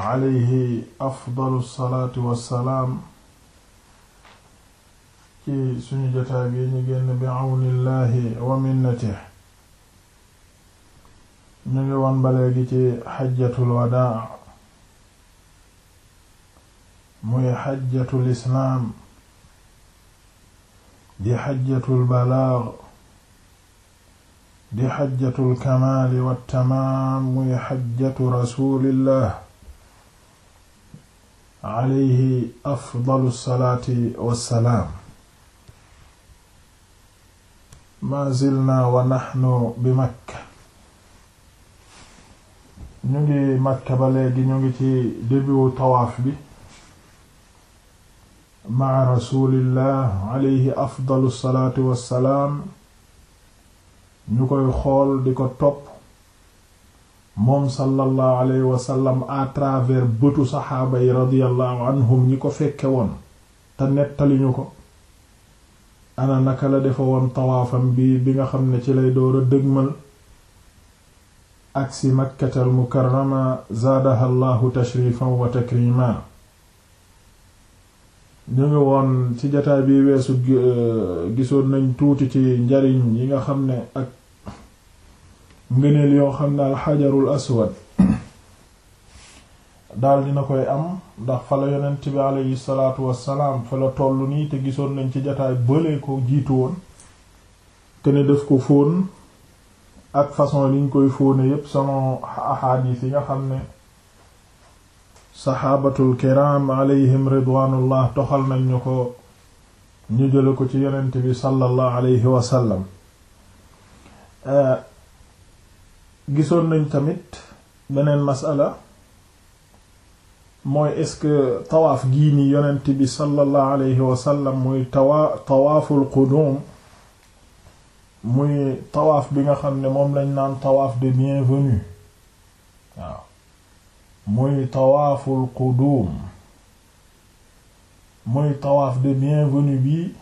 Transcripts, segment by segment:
alayhi afdalu salaatu wassalaam ci suñu jotaay bi ñu génn bi awnillahi wa minnatihi ñu ngi woon ba léegi ci xajjatul wadaa muy xajjatul islaam di xajjatul balaag di xajjatul kamaali wattamaam muy xajjatu rasulillah alayhi afdalu salaati wassalaam ma zilna wa naxnu bi makka ñu ngi makka ba léegi ñu ngi ci débiwu tawaaf bi ma'a rasulillah alayhi afdalu salaati salaam ñu koy xool di ko topp moom sallallahu alayhi wasallam à travers bëtu saxaaba yi radiyallahu anhum ñi ko fekke woon te nettaliñu ko ana naka la defa woon tawaafam bi bi nga xam ne ci lay door a dëgmal agsi makkatal mukarrama zaadaha llahu tashrifan wa takrima ñu ngi woon ci jataay bi weesu gisoon nañ tuuti ci njariñ yi nga xam ne ak ngëneel yoo xam ne alxajarul aswad daal dina koy am ndax fa la yonent bi aleyhi salaatu wassalaam fa la toll nii te gisoon nañ ci jataay bële ko jiitu woon te ne def ko fóon ak façon liñ koy fóone yépp sama yi nga xam ne saxaabatul kiram alayhim ridwaanullah toxal nañ ñu ko ñu jële ko ci yonent bi sallallahu alayhi wasallam gisoon nañ tamit beneen masala mooy est-ce que gii nii yonent bi sallallahu alayhi wa muy tawa tawaaful qudum muy tawaaf bi nga xam ne moom lañ naan tawaaf de bienvenue waaw muy tawaaful qudum muy tawaaf de bienvenue bi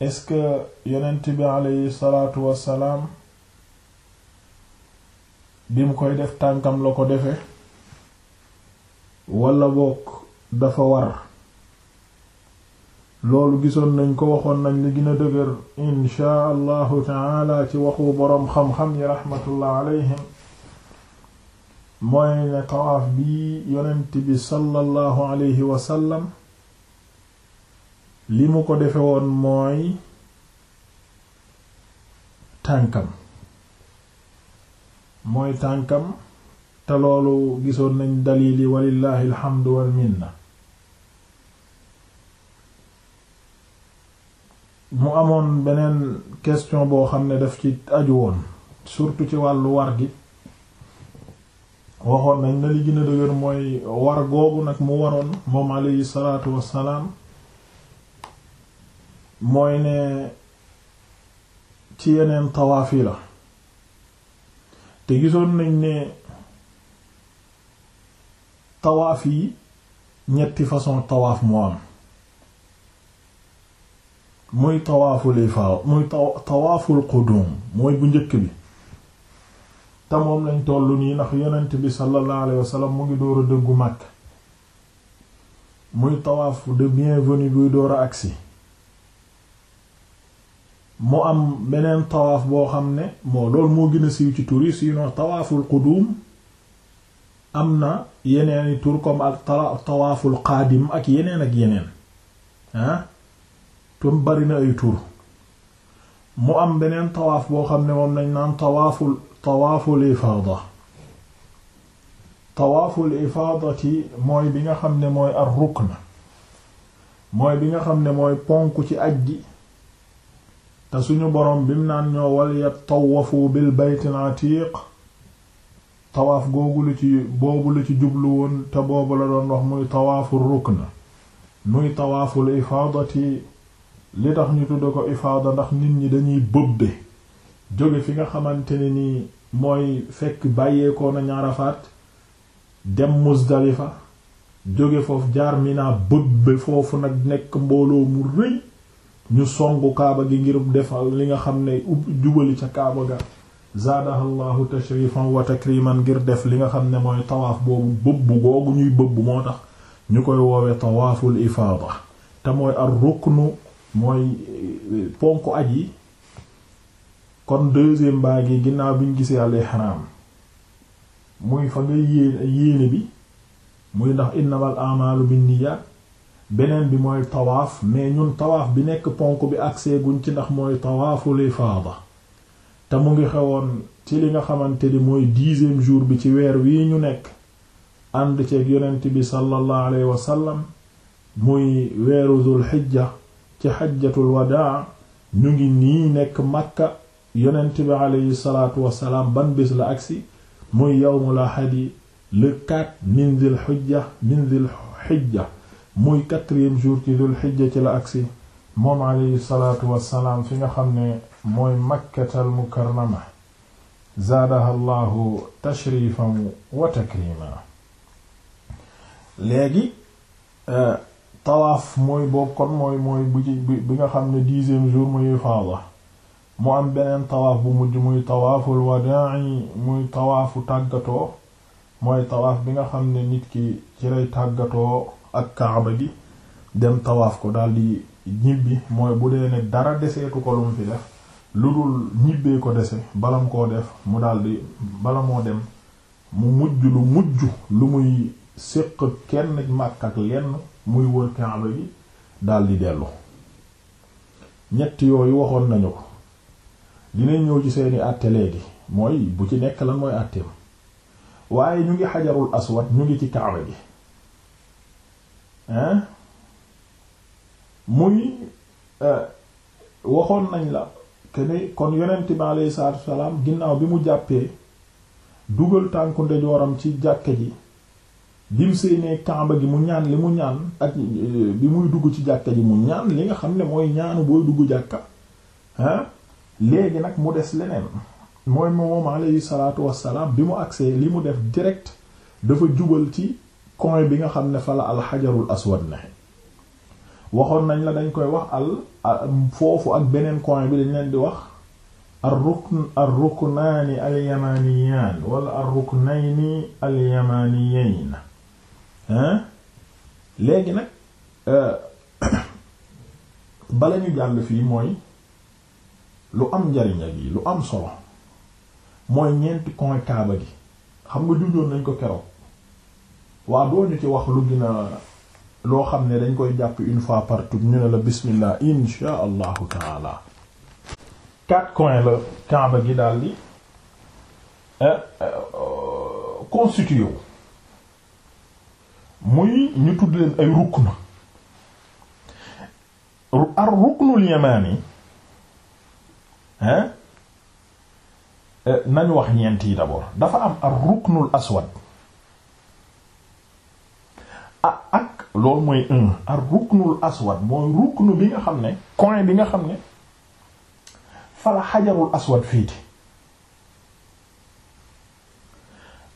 est-ce que yonent bi alayhi salaatu wassalaam bi mu koy def tànkam la ko defe walla bokk dafa war loolu gisoon nañ ko waxoon nañ li gën a dëgër inchaa allahu taala ci waxu boroom xam-xam yi raxmatullah alayhim mooy ne tawaaf bi yonent bi sallallahu alayhi wasallam li mu ko defe woon mooy tànkam mooy tànkam te loolu gisoon nañ dalili walillahi alhamdu wal na mu amoon beneen question boo xam ne daf ci aju woon surtout ci wàllu war gi waxoon nañ na li gën dëgër mooy war googu nag mu waroon moom alayhi salaatu wassalaam mooy ne ci yeneen tawaaf la te gisoon nañ ne tawaaf yi ñetti façon tawaaf moo am muy tawaaful ifaada muy tawaaful qudum mooy bu njëkk bi te moom lañ tollu nii ndax yonent bi sallallahu alayhi wasallam mu ngi door a dëggu Makka muy tawaaf de bienvenue buy door a agsi mu am beneen tawaaf boo xam ne moo loolu moo gën a siiw ci tur yi sinon tawaaful quduum am na yeneeni tur comme ak tawaaful qaadim ak yeneen ak yeneen ah tom bari na ay tur mu am beneen tawaaf boo xam ne moom nañ naan tawaaful tawaaful ifaada tawaaful ifaadati mooy bi nga xam ne mooy ar rukna mooy bi nga xam ne mooy ponk ci aj gi te suñu borom bi mu naan ñoo wal yatawafu bil naa atiq tawaaf googu la ci boobu la ci jublu woon te boobu la doon wax muy tawaafu rukna muy tawaaful ifaadati li tax ñu tudd ko ifaada ndax nit ñi dañuy bëbbe jóge fi nga xamante ne nii mooy fekk bàyyeekoo nañ Arafaat dem Muzdalifa jóge foofu jaar Mina bëbbe foofu nag nekk mbooloo mu rëy ñu songu kaaba gi ngir defal li nga xam ne ub jubali ca kaaba ga zaadaha llahu tashrifan wa ngir def li nga xam ne mooy tawaaf boobu bëbb googu ñuy bëbb moo tax ñu koy woowee tawaaful ifaada te mooy ar ruknu mooy e, ponk aj yi kon deuxième baa gi ginnaaw bi ñu gisee al ihram muy fa nga yéene yéene bi muy ndax innamal a'malu binniyat beneen bi mooy tawaaf mais ñun tawaaf bi nekk ponk bi agsee guñ ci ndax mooy tawaaful ifaada te mu ngi xewoon ci li nga xamante ni mooy dixième jour bi ci weer wii ñu nekk ànd ceeg yonent bi sallallahu alayhi sallam muy weeru dul xijja ci xajjatul wadaa ñu ngi nii nekk Makka yonent bi alayhi salaatu wasalaam ban bis la agsi muy yawmul ahadi le 4 min dil xijja min dil xijja muy quatrième jour ci dul xijja ci la aksi moom alayhi salaatu fi nga xam ne mooy makkatal mukarrama zaadaha allahu tashrifan wa takrima léegi euh, tawaaf mooy boobu mooy mooy bi nga xam ne dixième jour muy ifaada mu am beneen tawaaf bu mujj muy tawaaful wadaa'i muy tawaafu tàggatoo mooy tawaaf bi nga xam ne nit ki ci lay tàggatoo ak kaaba gi dem tawaaf ko daldi ñibbi mooy bu dee ne dara deseetu ko lum fi def lu dul ñibbee ko dese balam koo def mu daldi bala moo dem mu mujj lu mujj lu muy séq kenn màkk ak lenn muy wër kaaba gi daldi dellu ñett yooyu waxoon nañu ko dinañ ñëw ci seeni àtte léegi mooy bu ci nekk la mooy àtteem waaye ñu ngi xajarul aswad ñu ngi ci kaaba gi hein muy euh, waxoon nañ la que kon yonent bi alayhi salaatu salaam ginnaaw bi mu jàppee dugal tànku ndeyjooram ci jàkke ji bim sëy ne kaaba gi mu ñaan li mu ñaan ak euh, bi muy dugg ci jàkka ji mu ñaan li nga xam ne mooy ñaanu booy dugg jàkka ah léegi nag mu des leneen mooy moom alayhi salaatu wassalaam bi mu agsee li mu def direct dafa jubal ci coin bi nga xam ne fa la alxajarul aswad ne waxoon nañ la dañ koy wax al foofu ak beneen coin bi dañ leen di wax ar rukn ar ruknaani al yamaniyaan wala ar ruknayni al yamaniyayn hein léegi nag euh, bala ñu jàll fii mooy lu am njariñ ak lu am solo mooy ñeenti coin kaaba gi xam nga junjoon nañ ko keroog waaw doo ñu ci wax lu gën loo xam ne dañ koy jàpp une fois partout ñu ne la bismillah insha allahu taala quatre coins la Kaaba gi daal di euh, euh, constitué muy ñu tudd leen ay rukn ar ruknul yamaani hein euh, nañ wax ñeent yi d'abord dafa am ar ruknul aswad ah ak loolu mooy un ar ruknul aswad mooy ruknu bi nga xam ne coin bi nga xam ne fala xajarul aswad féete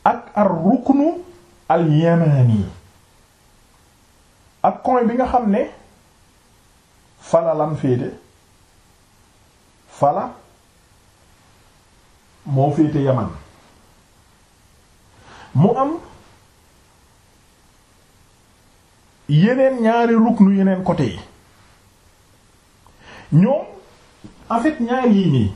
ak ar ruknu al yamani ak coin bi nga xam ne fala lam féete fala moo féete yaman mu am yeneen ñaari ruknu yeneen côté yi ñoom en fait ñaar yii nii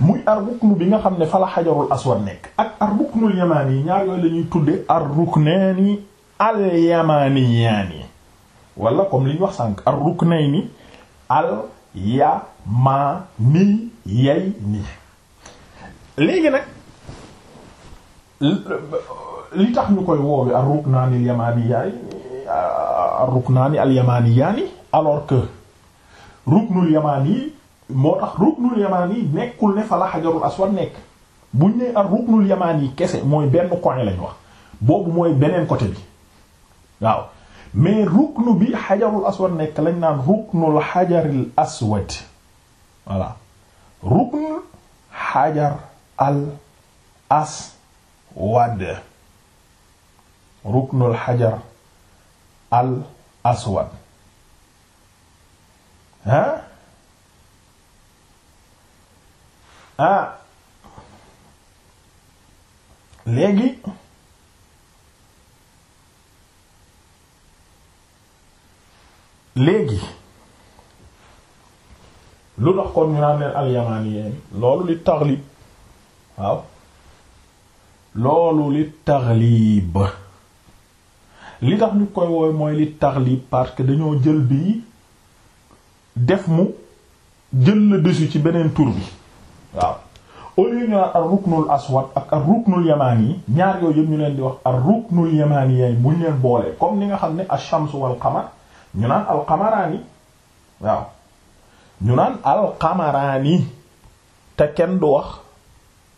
muy ar ruknu bi nga xam ne fa la xajarul aswad nekk ak ar ruknul yamaani yi ñaar yooyu la ñuy tudde ar ruknaani al yamaaniyaani wala comme li ñu wax sànq ar ruknayni al yamaaniyayni léegi nag li tax ñu koy woowe ar ruknaani al yamaani yaay ar ruknaani al yamaani yaani alors que ruknul yamaani moo tax ruknul yamaani nekkul ne fa la xajarul aswad nekk buñ ne ar ruknul yamaani kese mooy benn coin lañ wax boobu mooy beneen côté bi waaw mais ruknu bi xajarul nekk lañ naan ruknul xajaril aswad voilà rukn xajar al aswad ruknul xajar al aswad ah ah léegi léegi lu tax kon ñu naan leen alyamaniyeen loolu li taxlib waaw loolu li taxlib li tax li koy wooy mooy li taxlib parce que dañoo jël bi def mu jël la dessus ci beneen tur bi waaw au lieu ñu naan ar aswad ak ar ruknul yamani yi ñaar yooyu yëpp ñu leen di wax ar ruknul yamani yaay bu ñu leen boolee comme ni nga xam ne ash-shamsu wal qamar ñu naan al qamaraani waaw ñu naan al qamaraani te kenn du wax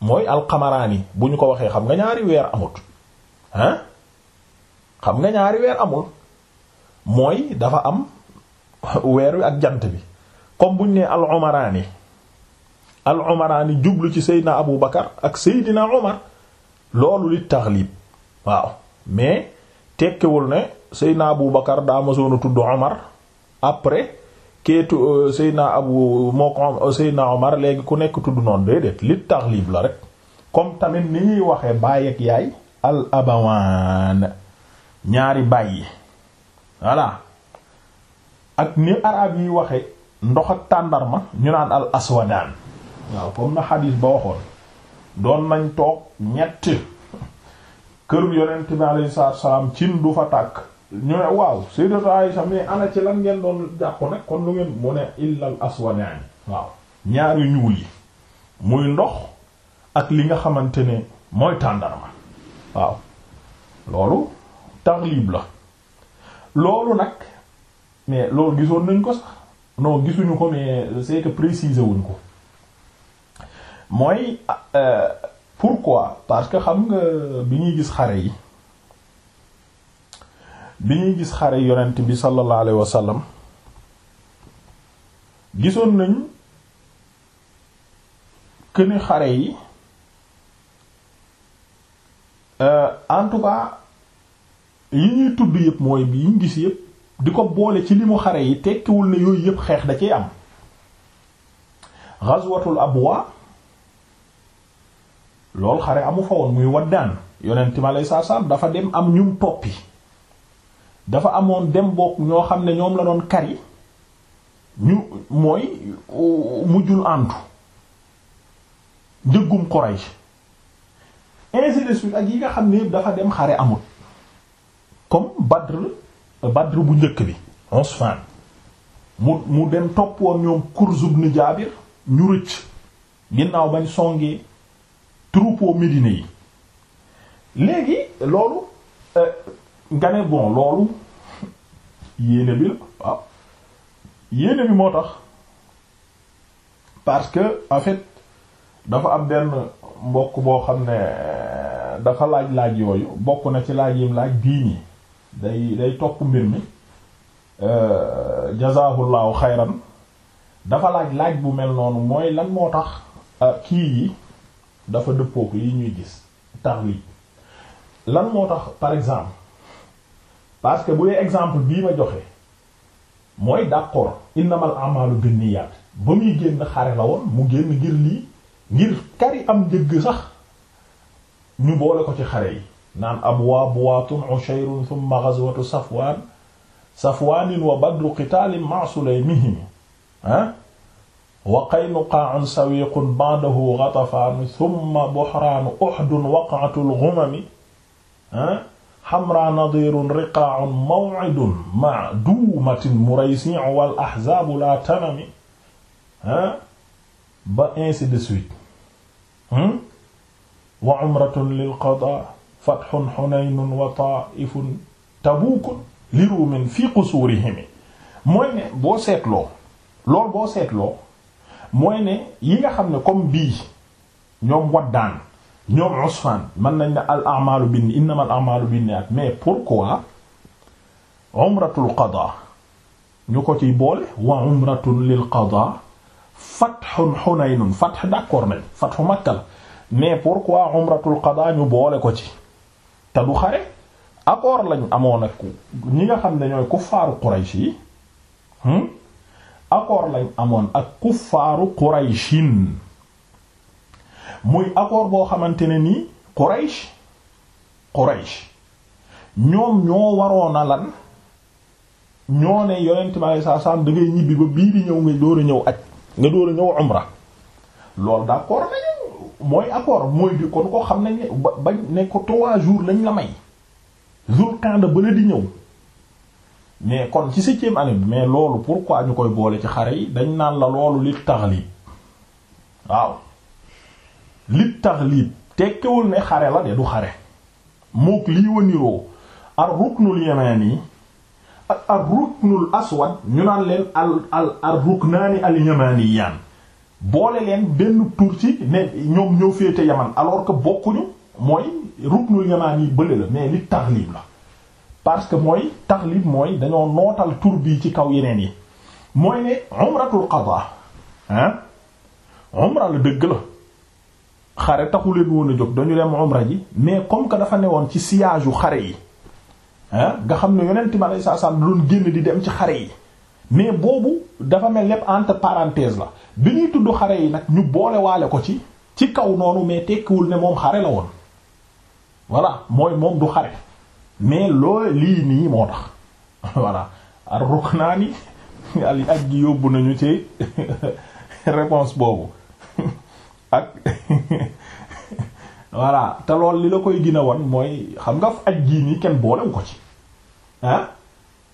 mooy al qamaraani bu ñu ko waxee xam nga ñaari weer amut xam nga ñaari weer amul mooy dafa am weer wi ak jant bi comme buñ ne al umaraani al umaraani jublu ci Seydina Abu Bakar ak Seydina Umar loolu li taxlib waaw mais tekkiwul ne Seydina Abu Bakar daa a tudd Umar après keetu euh, Seydina Abu moo euh, Seydina Umar léegi ku nekk tudd noonu déedéet li taxlib la rek comme tamit ni ñuy waxee baay ak yaay al abawaan ñaari bàyyi voilà ak ni arab yi waxe ndox ak tàndarma ñu naan al aswadaan waaw comme na xadiis ba waxoon doon nañ toog ñett kër yonent bi alayhi salaam cin du fa tàkk ñu ne waaw sayyidatu Aisha mais ana ci lan ngeen doon jàqu ne kon lu ngeen mu ne illal aswadaan waaw ñaari ñuul yi muy ndox ak li nga xamante ne mooy tàndarma waaw loolu taxlib la loolu nag mais loolu gisoon nañ ko sax non gisuñu ko mais c'est que préciser wuñ ko mooy pour euh, pourquoi parce que xam nga bi ñuy gis xare yi bi ñuy gis xare yonent bi sallallahu alayhi wa sallam gisoon nañ que xare yi euh, en tout cas yi ñuy tudd yëpp mooy bi ñu gis yëpp di ko boole ci li mu xare yi tekkiwul ne yooyu yëpp xeex da cee am ghazwatul abwa loolu xare amu fa woon muy waddaan yonent ma lay dafa dem am ñum toppi dafa amoon dem bokk ñoo xam ne ñoom la doon kari ñu mooy uh, mujjul àntu njëggum Quraysh ainsi de suite ak yi nga xam ne dafa dem xare amul comme Badr euh, Badr bu njëkk bi Usfan mu mu dem topp woon ñoom Kurz ibn Jaabir ñu rëcc ginnaaw bañ songee troupeau Médine yi léegi loolu euh, nga ne bon loolu yéene bi la yéene bi moo tax parce que en fait dafa am benn mbokk boo xam ne dafa laaj laaj yooyu bokk na ci laaj yim laaj day day topp mbir mi euh, jazaahullahu xayran dafa laaj laaj bu mel noonu mooy lan moo tax euh, kii yi dafa dëppook yi ñuy gis taxriij lan moo tax par exemple parce que bu dee exemple bii ma joxe mooy d'accord innamal a'maalu binniyaat ba muy génn xare la woon mu génn ngir lii ngir kari am njëgg sax ñu boole ko ci xare yi naan abwaa buwaatun ushayrun thumma ghazwatu safwaan safwaanin wa badru qitaalin ma'a sulaymihim ah wa qaynuqaa'un sawiiqun ba'dahu ghatafaanu thumma buhraanu uhdun waqa'atul ghumami ah hamraa nadiirun riqaa'un maw'idun ma'a duumatin muraysi' wal ahzaabu laa tanami ah ba ainsi de suite hmm? wa umratun lil qadaa fathun hunaynun wa taa'ifun tabuukun li ruumin fii qusuurihim mooy ne boo seetloo loolu boo seetloo mooy ne yi nga xam ne comme bii ñoom waddaan ñoom usfan mën nañ ne al a'maalu bin innama al a'maalu binniyaat mais pourquoi umratul qadaa ñu ko ci boole wa umratun lil qadaa fathun hunaynun fath d'accord nañ fathu mais pourquoi umratul qadaa ñu boole ko ci te du xare accord lañ amoon ak ñi nga xam ne ñooy kuffaaru Quraysh yi hmm? lañ amoon ak kuffaaru Qurayshin muy accord boo xamante ne nii Quraysh Quraysh ñoom ñoo waroon a lan ñoo ne yonent bi saa saa da ngay ñibbi ba bii di ñëw nga door a ñëw aj nga door a ñëw umra loolu d'accord nañ mooy accord mooy di kon ko xam nañ ne ba bañ ne ko trois jours lañ la may jour kanda ba la di ñëw mais kon ci septième année mais loolu pourquoi ñu koy boole ci xare yi dañ naan la loolu li taxlib waaw li taxlib tekkewul ne xare la de du xare mook lii waniroo ar ruknul yamani ak ar ruknul aswad ñu naan leen al al ar ruknaani al yamaniyaan boole leen benn tur ci ne ñoom ñoo féete yaman alors que bokkuñu mooy ruknul yamaan yi bële la mais li taxlib la parce que mooy taxlib mooy dañoo nootal tur bii ci kaw yeneen yi mooy ne umratul qada umra la dëgg la xare taxu leen woon a jóg dañu dem umra ji mais comme que dafa newoon ci sillage yu xare yi ah nga xam ne yonent bi sallallahu alayhi wasallam doon génn di dem ci xare yi mais boobu dafa mel lépp entre parenthèse la bi ñuy tudd xare yi nag ñu boolewaale ko ci ci kaw noonu mais tekkiwul ne moom xare la woon voilà mooy moom du xare mais loo lii nii moo tax voilà ar ruknaani al ak gi yóbbu nañu ci réponse boobu ak voilà te lool li la koy gën woon mooy xam nga ak gii nii kenn boolewu ko ci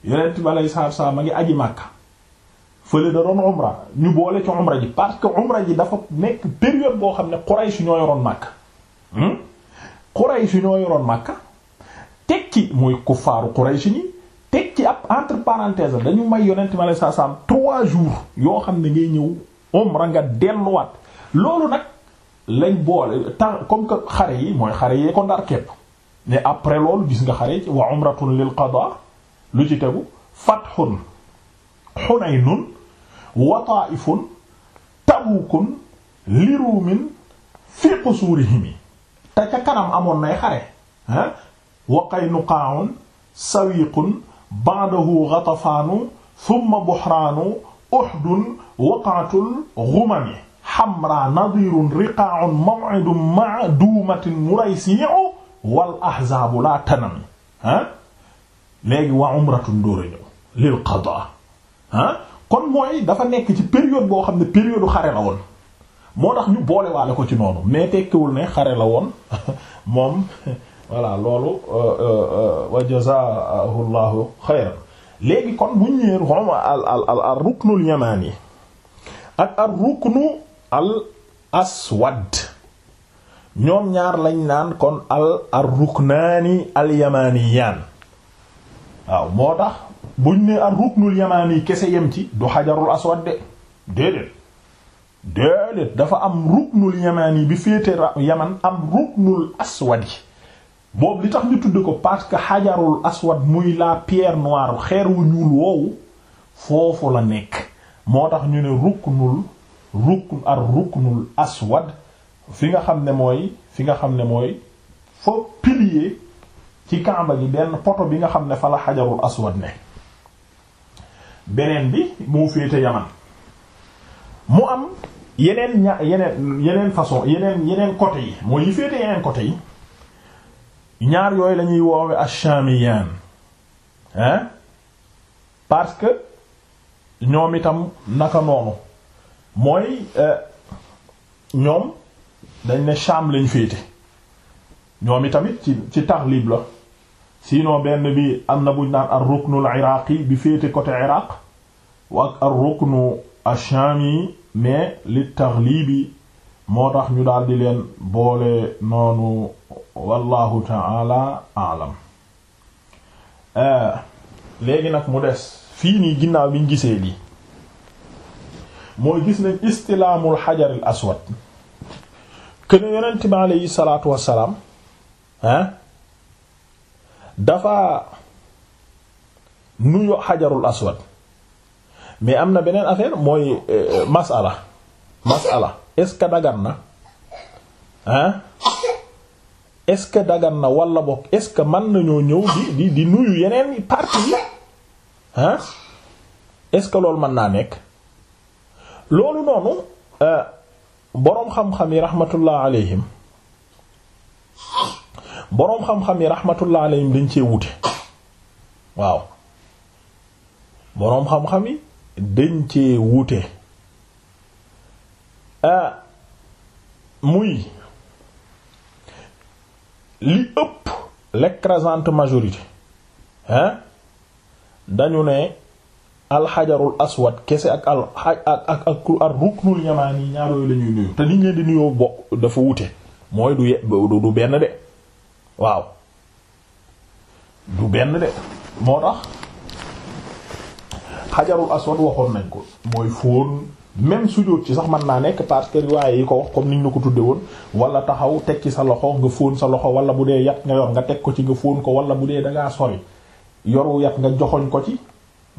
yonent balay saar saa ma ngi aji màkka fële da doon umra ñu boole ci umra ji parce que umra ji dafa nekk période boo xam ne Quraysh ñoo yoroon màkka hmm? Quraysh ñoo yoroon màkka tekki muy kuffaaru Quraysh ñi tekki ab entre parenthèse dañu may yonent balay saar saa trois jours yoo xam ne ngay ñëw umra nga delluwaat loolu nag lañ boole temps comme que xare yi mooy xare yee ko ndar képp mais après loolu gis nga xare ci wa umratun lil qada lu ci tegu fathun xunaynun wa taa'ifun tabuukun liruumin fi qusuurihimi te ca kanam amoon nay xare ah wa qaynuqaa'un sawiiqun ba'dahu gatafaanu thumma buhraanu uhdun waqatul ghumami hamra nadirun riqa'un maw'idun ma'dumatin muraysi'u wal ahzaabu laa tanami ah léegi waa umratun dóor a ñëw lil qada ah kon mooy dafa nekk ci période boo xam ne période xare la woon moo tax ñu boole waale ko ci noonu mais tekkiwul ne xare la woon moom voilà loolu euh, euh, euh, wa jazaahu llahu léegi kon bu ñëwee xom al ak al aswad ñoom ñaar lañ naan kon al al ruknaani al yamaniyaan waaw moo tax buñ ne ar ruknul yamaani kese yem ci du xajarul aswad de déedéet déedéet dafa am ruknul yamaani bi féete yaman am ruknul aswadi boobu li tax ñu tudd ko parce que xajarul aswad muy la pierre noire xeer wu ñuul woowu foofu la nekk moo tax ñu ne ruknul rukn ar ruknul aswad fi nga xam ne mooy fi nga xam ne mooy fo pilier ci kaaba gi benn poto bi nga xam ne fa la xajarul aswad ne beneen bi moo féete yaman mu am yeneen ña yeneen yeneen façon yeneen yeneen côté yi mooy yi féete yeneen côté yi ñaar yooyu lañuy ñuy woowe ash-shamiyan hein parce que ñoom itam naka noonu mooy euh, ñoom dañ ne Sham lañ féete ñoom itamit ci ci la sinon benn bi am na buñ naan ar ruknul iraqi bi féete côté iraq wa ak ar ruknu ash-shami mais li taghlibi moo tax ñu daal di leen boole noonu wallahu ta'ala a'lam euh, léegi nag mu des fii nii ginnaaw bi gisee lii mooy gis nañ istilaamul xajaril aswad kene yonent bi aleyhi salaatu wassalaam ah dafa nuyu xajarul aswad mais am na beneen affaire mooy euh, masala masala est-ce que dagan na ah est-ce que dagan na walla bokk est-ce que mën nañoo ñëw di di di nuyu yeneen parties yi ah est-ce que loolu mën naa nekk loolu noonu euh, boroom xam-xam yi rahmatullah alayhim boroom xam-xam yi rahmatullah alayhim dañ cee wute waaw boroom xam-xam yi dañ cee wute ah muy li ëpp l'écrasante majorité hein dañu ne alxajarul aswad kese ak al ak ak ak ruknul yamaan yi ñaar yooyu la te liñ leen nuyoo bokk dafa wute mooy du du benn de. waaw du benn de moo tax xajarul aswad waxoon nañ ko mooy fóon même sujjóot ci sax mën naa nekk parce que riwaaye yi ko wax comme niñ la ko tudde woon wala taxaw teg ci sa loxo nga fóon sa loxo wala bu dee yat nga yor nga teg ko ci nga fóon ko wala bu dee dangaa yor yoru yat nga joxoñ ko ci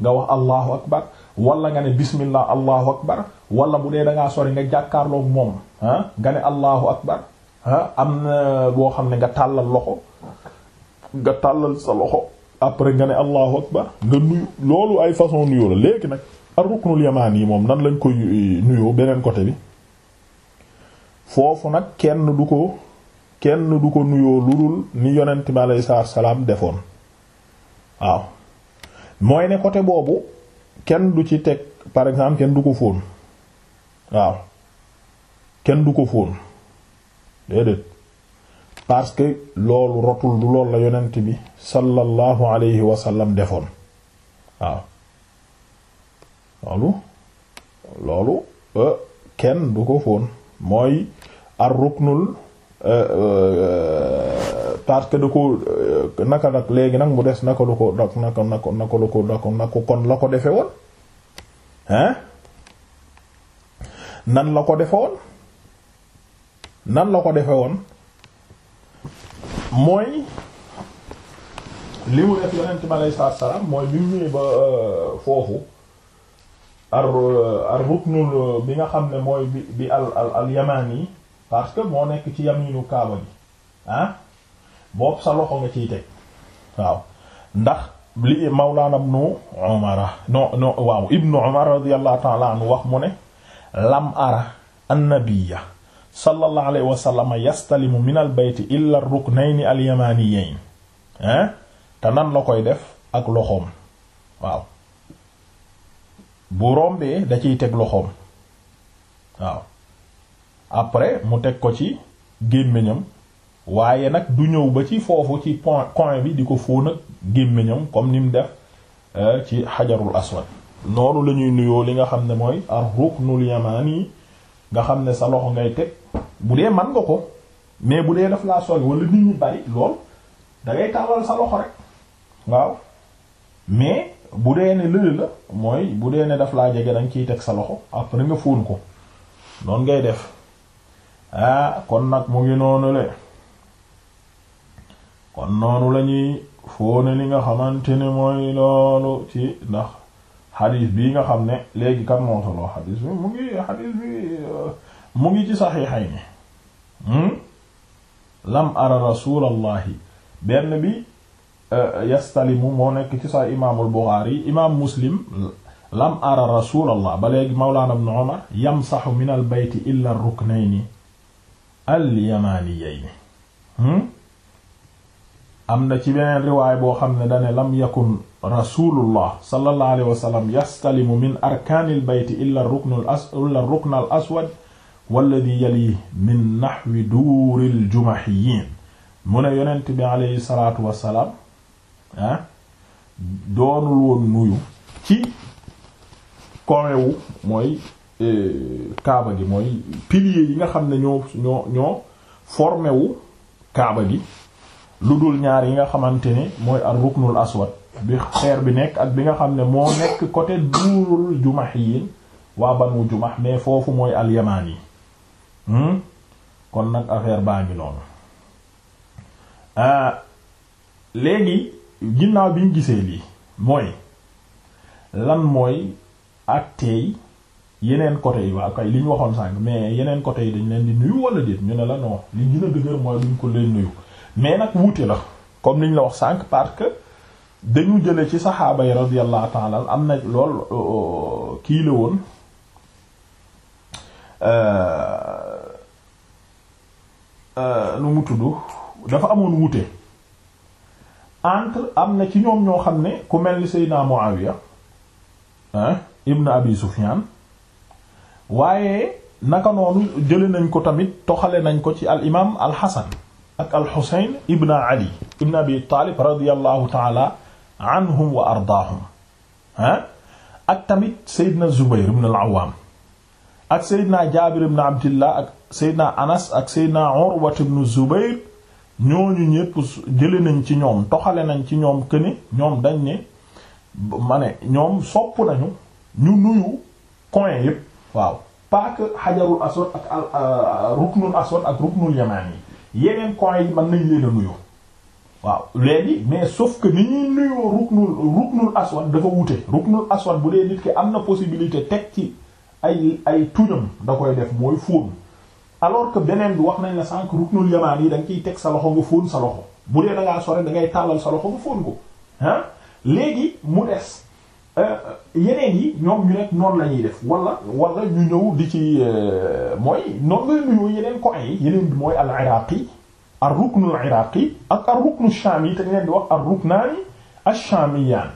nga wax allahu akbar wala nga ne bismillah allahu akbar wala bu dee dangaa sori nga jàkkaarloog moom ah nga ne allahu akbar am na boo xam ne nga tàllal loxo nga tàllal sa loxo après nga ne allahu akbar nga nuyu loolu ay façon nuyoo la léegi nag ar ruknul yamaan yi moom nan lañ koy e, nuyoo beneen côté bi foofu nag kenn du ko kenn du ko nuyoo lu ludul ni yonent bi alayhi salaam defoon waaw mooy ne côté boobu kenn du ci teg par exemple kenn du ko fóon waaw kenn du ko fóon déedéet parce que loolu rotul du loolu la yonent bi sallallahu alayhi wa sallam defoon waaw loolu loolu euh, kenn du ko foon mooy ar ruknul euh, euh, parce que da ko naka nag léegi nag mu des naka lu ko naka naka naka naka ko naka naka kon la ko defe woon hein nan la ko defe woon nan la ko defe woon mooy li mu def yonent bi aleyhi salaam mooy bi mu ñëwee ba euh, foofu ar euh, ar ruknul euh, bi nga xam ne mooy bi bi al al al parce que moo nekk ci yaminu kaaba bi ah boobu sa loxo nga ciy teg waaw ndax li mawlaana ibnu umara no no waaw ibnu umar radiyallahu ta'ala anhu wax mu ne lam ara annabiya sallallahu alayhi wa sallam yastalimu min al bayti illa ruknayni al yamaniyayn hein te nan la koy def ak loxoom waaw bu rombee da ciy teg loxoom waaw après mu teg ko ci gémmiñam waaye nag du ñëw ba ci foofu ci point coin bi di ko fóon gémmiñam comme ni mu def euh, ci xajarul aswad noonu la ñuy nuyoo li nga xam ne mooy ar ruknul nga xam ne sa loxo ngay teg bu dee man nga ko mais bu dee daf laa sori wala nit ñu bari lool da ngay tàllal sa loxo rek waaw mais bu dee ne lële la mooy bu dee ne daf laa jege da nga ciy teg sa loxo après nga fóon ko noonu ngay def ah kon nag mu ngi kon noonu la ñuy fóone li nga xamante ne mooy loolu ci ndax xadis bii nga xam ne léegi kan moo solo xadis bi mu ngi xadis bi euh, mu ngi ci saxiixayni Hmm? lam ara rasulallahi benn bi eh, yastalimu moo nekk ci sa imaamul Buxaari imaam Muslim lam ara rasulallah ba léegi mawlaana ibn Umar yamsaxu min al bayti illa ar-ruknayni al-yamaniyayni hmm? am na ci beneen riwaay boo xam ne dane lam yakun rasulullah sallallahu alayhi wa sallam yastalimu min arkaanil bayti illa ar-rukn al-aswad walladi yali min naxwi duuril jumahiyin mu ne yonent bi aleyhi salaatu wassalaam ah doonul woon nuyu ci kowewu mooy e, kaaba gi mooy piliers yi nga xam ne ñoo ñoo wu kaaba gi lu dul ñaar yi nga xamante ne mooy ar ruknul aswad bi xeer bi nekk ak bi nga xam ne moo nekk côté duurul jumahiyin waa banu jumax mais foofu mooy al yi Hmm? kon nag affaire baa ngi noonu ah, léegi ginnaaw bi ñu gisee lii mooy lan mooy àtteey yeneen côté yi waa kay li ñu waxoon sànq mais yeneen côté yi dañ leen di nuyu wala déet ñu ne la non li gën a dëgër mooy duñ ko leen nuyu mais nag wuute la comme niñ la wax sànq parce que dañu jële ci saxaaba yi radiyallahu ta'ala am na lool euh, kii la woon. Euh, lu euh, mu tudd dafa amoon wuute entre am na ci ñoom ñoo xam ne ku mel ni Seydina Muawiya ibn Abi Sufyan waaye naka noonu jële nañ ko tamit toxale nañ ko ci al imaam al Hasan ak al Husayn ibn Ali ibn Abi Talib radiyallahu ta'ala anhum wa ardaahum ak tamit Seydina Zubayr ibn al Awwam ak naa Jaabir ibn Abdillah ak Seydina Anas ak Seydina Urwa ibn Zubayr ñooñu ñépp jële nañ ci ñoom toxale nañ ci ñoom këne ñoom dañ ne ma ne ñoom sopp nañu ñu nuyu coin yépp waaw pas que xajarul aswad ak euh, euh, ruknul aswad ak ruknul yamaan yi yeneen coin yi mën nañ leen a nuyu waaw léegi mais sauf que ni ñuy nuyoo ruknul ruknul aswad dafa wute ruknul aswad bu dee nit ki am na possibilité teg ci ay ay tuñam da koy def mooy fóon alors que beneen bi wax nañ la sànq ruknul yamaan yi da nga teg sa loxo nga fóon sa loxo bu dee da sore da ngay tàllal sa loxo nga fóon ko ah léegi mu des euh, yeneen yi ñoom ñu nekk noonu la def wala wala ñu ñëw di ci euh, mooy noonu la nuyoo yeneen ko ay yeneen bi mooy al iraqi ar ruknul iraqi ak ar ruknu shami te ñu leen di wax ar ruknaani ash-shamiyaan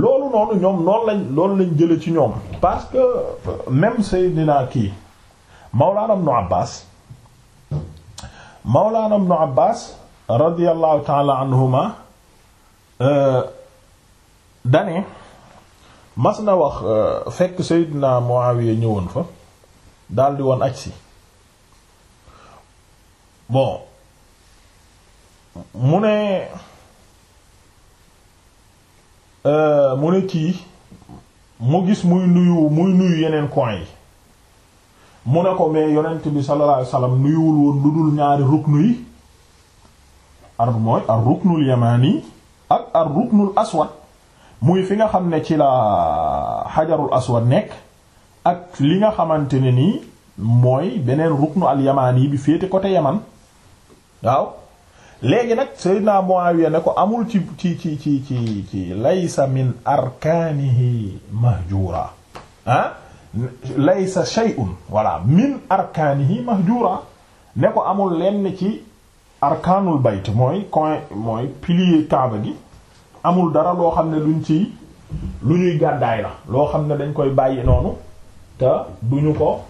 loolu noonu ñoom noonu lañ loolu lañ jële ci ñoom parce que euh, même Seydina kii Mawlaana Ibnu Abbaas Mawlaana Ibnu Abbaas radiyallahu taala anhuma euh, dane mas na wax euh, fekk Seydina Muawiya ñëwoon fa daldi woon si bon mu ne Euh, mu ne kii mu gis muy nuyu muy nuyu yeneen coin yi mu ne ko mais yonent bi sallallahu alayhi wasallam nuyuwul woon lu dul ñaari ruknu yi ar mooy ar ruknul yamani ak ar ruknul aswad muy fi nga xam ne ci la xajarul aswad nekk ak li nga xamante ne nii mooy beneen ruknu al yamani bi féete côté yaman waaw léegi nag Seydina Muawiya ne ko amul ci ci ci ci ci ci laysa min arkaanihi mahjura ah laysa shay'un wala min arkaanihi mahjura ne ko amul lenn ci arkaanul bayt mooy coin mooy pilier Kaaba gi amul dara loo xam ne luñ ci lu ñuy gàddaay la loo xam ne dañ koy bàyyi noonu te duñu ko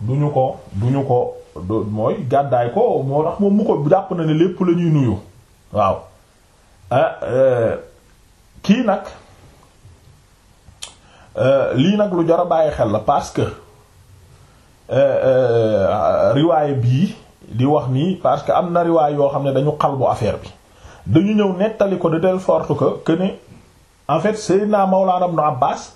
duñu ko duñu ko do mooy gàddaay ko moo tax moom mu ko jàpp na ne lépp lañuy nuyu waaw ah, euh, kii nag euh, lii nag lu jar a bàyyi xel la parce que euh, riwaay bii di wax nii parce que am na riwaay yoo xam ne dañu xalbu affaire bi dañu ñëw nettali ko de telle sorte que que ne en fait Seydina Mawlana Ibn Abbas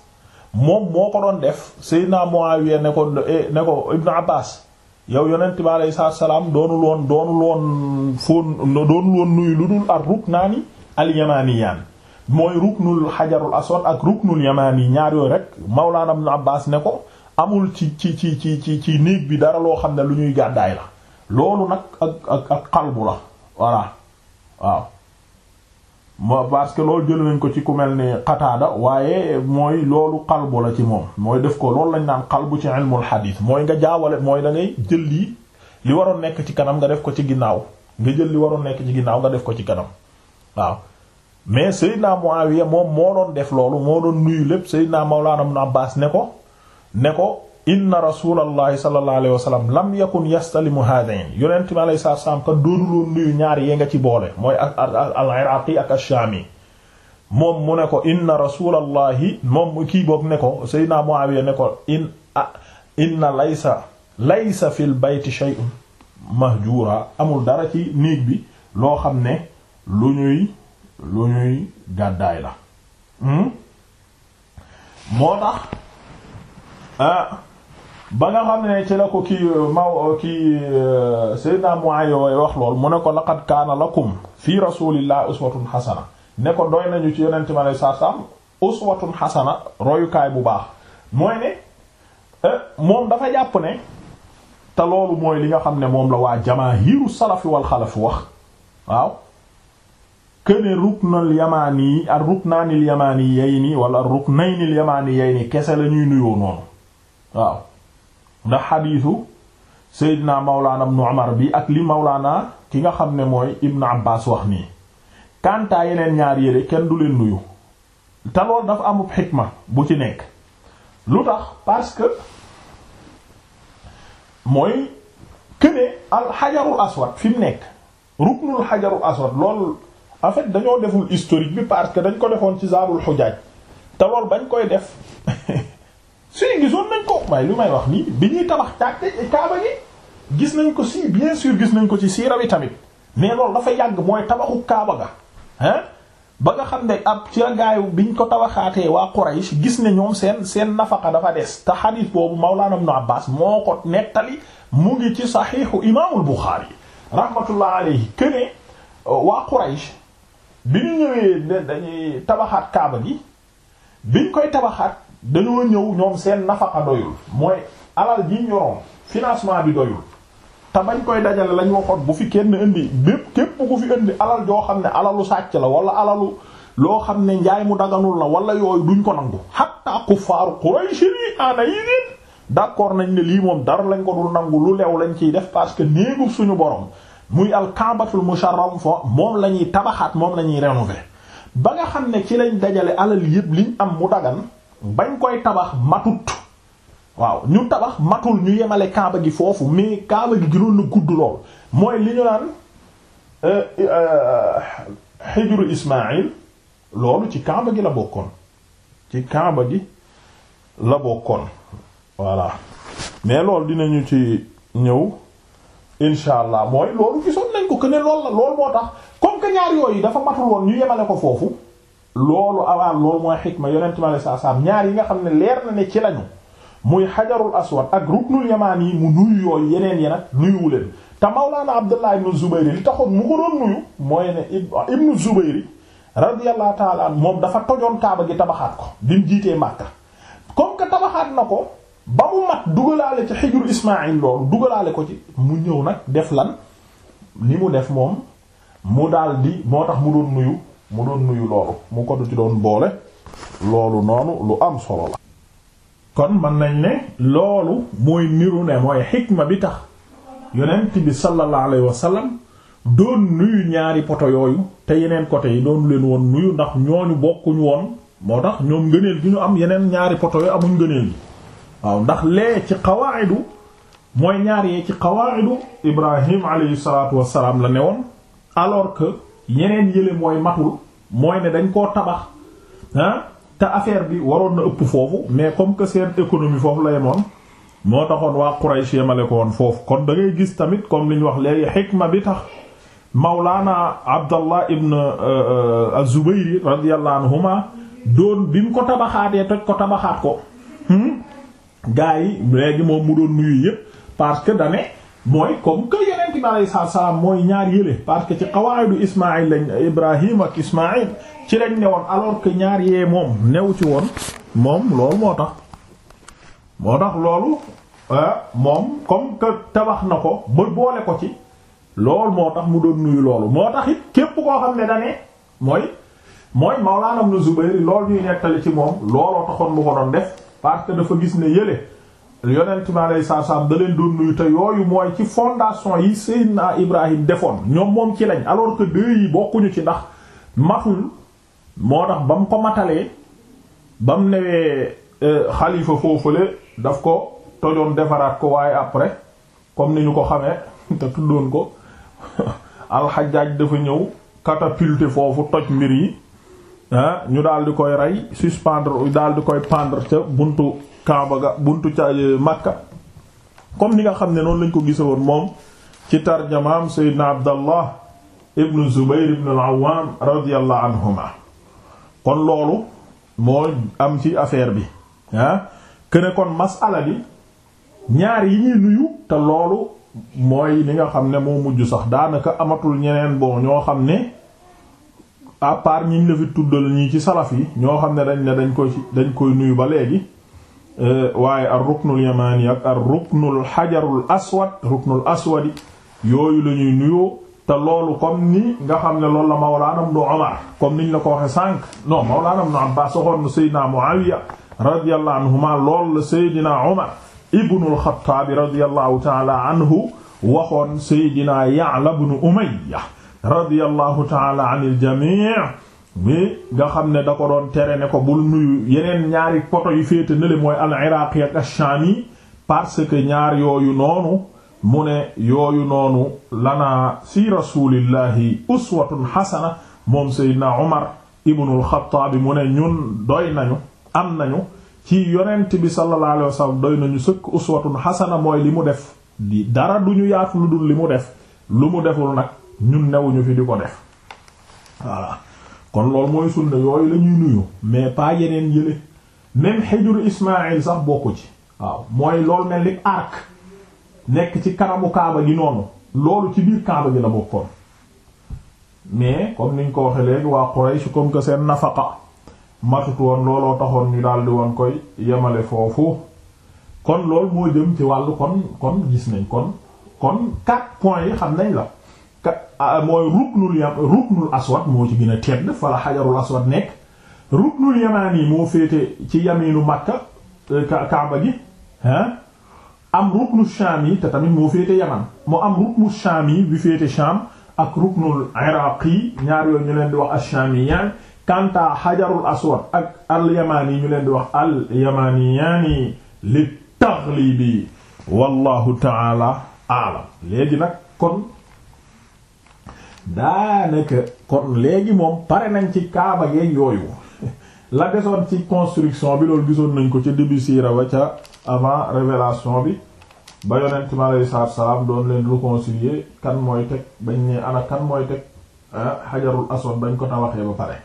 moom moo ko doon def Seydina Muawiya ne ko eh, ne ko Ibn Abbas yow yonent bi alayhi salaatu salaam doonu woon doonul woon foon doonul woon nuyu lu dul ak ruknaani al mooy ruknul xajarul aswad ak ruknul yamaani ñaar yooyu rek Mawlaana Ibn Abbaas ne ko amul ci ci ci ci ci ci néeg bi dara loo xam ne lu ñuy gàddaay la loolu nag ak ak ak qalbu la waaw. moo parce que loolu jël nañ ko ci ku mel ni Qataada waaye mooy loolu qalbu la ci moom mooy def ko loolu lañu naan qalbu ci ilmul hadith mooy nga jaawale mooy da ngay jël lii li waroon nekk ci kanam nga def ko ci ginnaaw nga jël li waroon nekk ci ginnaaw nga def ko ci kanam waaw mais Seydina Muawiya moom moo doon def loolu moo doon nuyu lépp naa Seydina Mawlana naa baas ne ko ne ko inna rasulallahi sallallahu alayhi wa sallam lam yakun yastalimu hadayn yonent mi alayhi salaatu salaam kat doonuloon nuyu ñaar yee nga ci boole mooy al-Iraqi ak ash-Shami moom mu ne ko inna rasulallahi moom kii boog ne ko Seydina Muawiya ne ko in inna laysa laysa fil bayti shay'un mahjura amul dara ci néeg bi loo xam ne lu lu ñuy gàddaay la hmm? moo tax ah, ba nga xam ne ci la ko kii euh, maw euh, kii euh, Seydina Muawiya wax lool mu ne ko laqad kaana lakum fii rasulillahi uswatun xasana ne ko doy nañu ci yonente mi alei satu salaam xasana royukaay bu baax mooy ne moom dafa jàpp ne te loolu mooy li nga xam ne moom la waa jamaahiru salafi wal xalafi wax waaw këne ruknal yamaani ar ruknaanil yamaani yey ni wala ar ruknaynil kese la nuyoo noonu waaw ndax xadiisu Seydina Maulana ibn Umar bi ak li Maulana ki nga xam ne mooy Ibn Abbas wax nii kantaa yeneen ñaar yére kenn du leen nuyu te loolu dafa amub xikma bu ci nekk lu tax parce que mooy këne al xajarul aswad fi mu nekk ruknul xajarul aswad lool en fait dañoo deful historique bi parce que dañ ko defoon ci zaadul xujaaj te lool bañ koy def si gisoon nañ ko waaye lu may wax nii bi ñuy tabax càkk kaaba gi gis nañ ko si bien sûr gis nañ ko ci siira bi tamit mais loolu dafa yàgg mooy tabaxu kaaba ga hein ba nga xam ne ab ci ragaayu biñ ko tabaxaatee waa Quraysh gis ne ñoom seen seen nafaqa dafa des te xadiis boobu Mawlana Ibn Abbas moo ko nettali mu ngi ci saxiixu imaamul Buxaari rahmatullah alayhi këne waa Quraysh bi ñu ñëwee dañuy tabaxaat kaaba gi biñ koy tabaxaat dañoo ñëw ñoom seen nafaqa doyul mooy alal ji ñoroom financement bi doyul te bañ koy dajale lañ waxoon bu fi kenn indi bépp képp ku fi indi alal joo xam ne alalu sàcc la wala alalu loo xam ne njaay mu daganul la wala yooyu duñ ko nangu hatta kuffaaru Quraysh yi ana yi nit d'accord nañ ne lii moom dara lañ ko dul nangu lu leew lañ ciy def parce que néegu suñu borom muy al-Ka'batul mu fa moom la ñuy tabaxaat moom la ñuy rénover ba nga xam ne ci lañ dajale alal yëpp liñ am mu dagan bañ koy tabax matut waaw ñu tabax matul ñu yemale kaaba gi foofu mais kaaba gi gënoon na gudd lool mooy li ñu naan xijru euh, euh, loolu ci kaaba gi la bokkoon ci kaaba gi la bokkoon voilà mais loolu ñu ci ñëw incha allah mooy loolu gisoon nañ ko que ne loolu la loolu moo tax comme que ñaar yooyu dafa matul woon ñu yemale ko foofu. loolu avant loolu mooy xikma yonent mi alayhi salaam ñaar yi nga xam ne leer na ne ci lañu muy xajarul aswad ak ruknul yamaan yi mu nuyu yooyu yeneen yi nag nuyuwu leen te Mawlaana Abdullah ibnu Zubayri li taxoon mu ko doon nuyu mooy ne ibnu Zubayri radiyallahu ta'ala an moom dafa tojoon kaaba gi tabaxaat ko bi mu jiitee Makka comme que tabaxaat na ko ba mu mat dugalaale ci xijru Ismaayil loolu dugalaale ko ci mu ñëw nag def lan ni mu def moom mu daal di moo tax mu doon nuyu mu doon nuyu loolu mu ko du ci doon boole loolu noonu lu am solo la kon mën nañ ne loolu mooy niru ne mooy xikma bi tax yonent bi sallallahu alayhi wa sallam doon nuyu ñaari poto yooyu te yeneen côté yi doon leen woon nuyu ndax ñooñu bokkuñu woon moo tax ñoom ngëneel gi ñu am yeneen ñaari poto yooyu amuñ ngëneel gi waaw ndax lee ci xawaayidu mooy ñaar yee ci xawaayidu Ibrahim alayhi salaatu wa salaam la ne woon alors que ñeneen yële mooy matul mooy ne dañ koo tabax ah te affaire bi waroon na ëpp foofu mais comme que seen économie foofu la yemoon moo taxoon waa Quraysh yemale ko woon foofu kon da ngay gis tamit comme li ñu wax léegi xikma bi tax Mawlaana Abdallah ibn euh, euh, az-Zubayr radiyallahu anhuma doon bi mu ko tabaxaatee toj ko tabaxaat ko hmm? gaa yi léegi moom mu doon nuyu yépp parce que dane mooy comme que yeneen bi alayhi salaatu salaam mooy ñaar yële parce que ci qawaayidu Ismaïl lañ Ibrahim ak Ismaïl ci lañ ne woon alors que ñaar yee moom new ci woon moom loolu moo tax moo tax loolu ah, moom comme que tabax na ko ba boole ko ci loolu moo tax mu doon nuyu loolu moo tax it képp koo xam ne dane mooy mooy Mawlaana na Zubayr loolu ñuy nettali ci moom looloo taxoon mu ko doon def parce que dafa gis ne yële yonent mi alayhi salaam da leen doon nuyu te yooyu mooy ci fondation yi Seydina Ibrahim defoon ñoom moom ci lañ alors que deux yi bokkuñu ci ndax matul moo tax ba mu ko matalee ba mu newee euh, xalifa foofule daf ko tojoon defaraat ko waaye après comme ni ñu ko xamee te tuddoon ko alxajaaj dafa ñëw catapulter foofu toj mbir yi ah, ñu daal di koy rey suspendre daal di koy pendre ca buntu. Kaaba ga buntu ca euh, Makka comme ni nga xam ne noonu lañ ko gisawoon moom ci tarjamaam Seydina Abdallah ibnu Zubayr ibnu al-Awwam radiyallahu anhuma kon loolu moo am ci affaire bi ah kene kon masala bi ñaar yi ñuy nuyu te loolu mooy li nga xam ne moo mujj sax daanaka amatul ñeneen bon ñoo xam ne à part ñi ñu la fi tuddal ñii ci salaf yi ñoo xam ne dañ ne dañ koy dañ koy nuyu ba léegi Eh, waaye ar ruknul yamaani ak ar ruknul xajarul aswad ruknul aswadi yooyu la ñuy nuyoo te loolu comme ni nga xam ne loolu la mawlaana ibnu Umar comme niñ la ko waxe sànq non mawlaana ibnu Abbaas waxoon na Seydina Muawiya radiyallahu anhuma loolu la Seydina Umar ibnul Xattaab radiyallahu taala anhu waxoon Seydina Ya'la ibnu Umayya radiyallahu taala anil jamii bi nga xam ne da ko doon tere ne ko bul nuyu yeneen ñaari poto yu féete nale mooy al iraqi ak ash-shami parce que ñaar yooyu noonu mu ne yooyu noonu lanaa fi rasulillahi uswatun xasana moom seydna umar ibnul xattaab mu ne ñun doy nañu am nañu ci yonent bi sallallahu alayhi wasallam doy nañu sëkk uswatun xasana mooy li mu def di dara duñu yaatu lu dul li mu def lu mu deful nag ñun newuñu fi di ko def kon loolu mooy sunna yooyu la ñuy nuyu mais paa yeneen yële même xijru Ismaïl sax bokku ci waaw mooy loolu mel ni arc nekk ci kanamu kaaba gi noonu loolu ci biir kaaba gi la bokkoon mais comme niñ ko waxee léegi waa Quraysh comme que seen nafaqa matut woon looloo taxoon ñu daldi woon koy yemale foofu kon loolu moo jëm ci wàllu kon kon gis nañ kon kon quatre point yi xam nañ la kat mooy ruknul yam ruknul aswad moo ci gën a tedd fa la xajarul aswad nekk ruknul yamaani moo féete ci yaminu makka e, kaaba gi ah am ruknu shaami te tamit moo féete yaman moo am ruknu shaami bi féete sham ak ruknul iraqi ñaar yooyu ñu leen di wax ash-shaamiyaan kanta xajarul aswad ak al yamaani ñu leen di wax al yamaaniyaani li taxlibi wallahu taala aalam léegi nag kon daanaka kon léegi moom pare nañ ci kaaba geeg yooyu la desoon ci construction bi loolu gisoon nañ ko ca début siira ba ca avant révélation bi ba yonent mi aleyhi salaatu salaam doon leen réconcilier kan mooy teg bañ ne ana kan mooy teg xajarul ah, aswad bañ ko tawaxee ba pare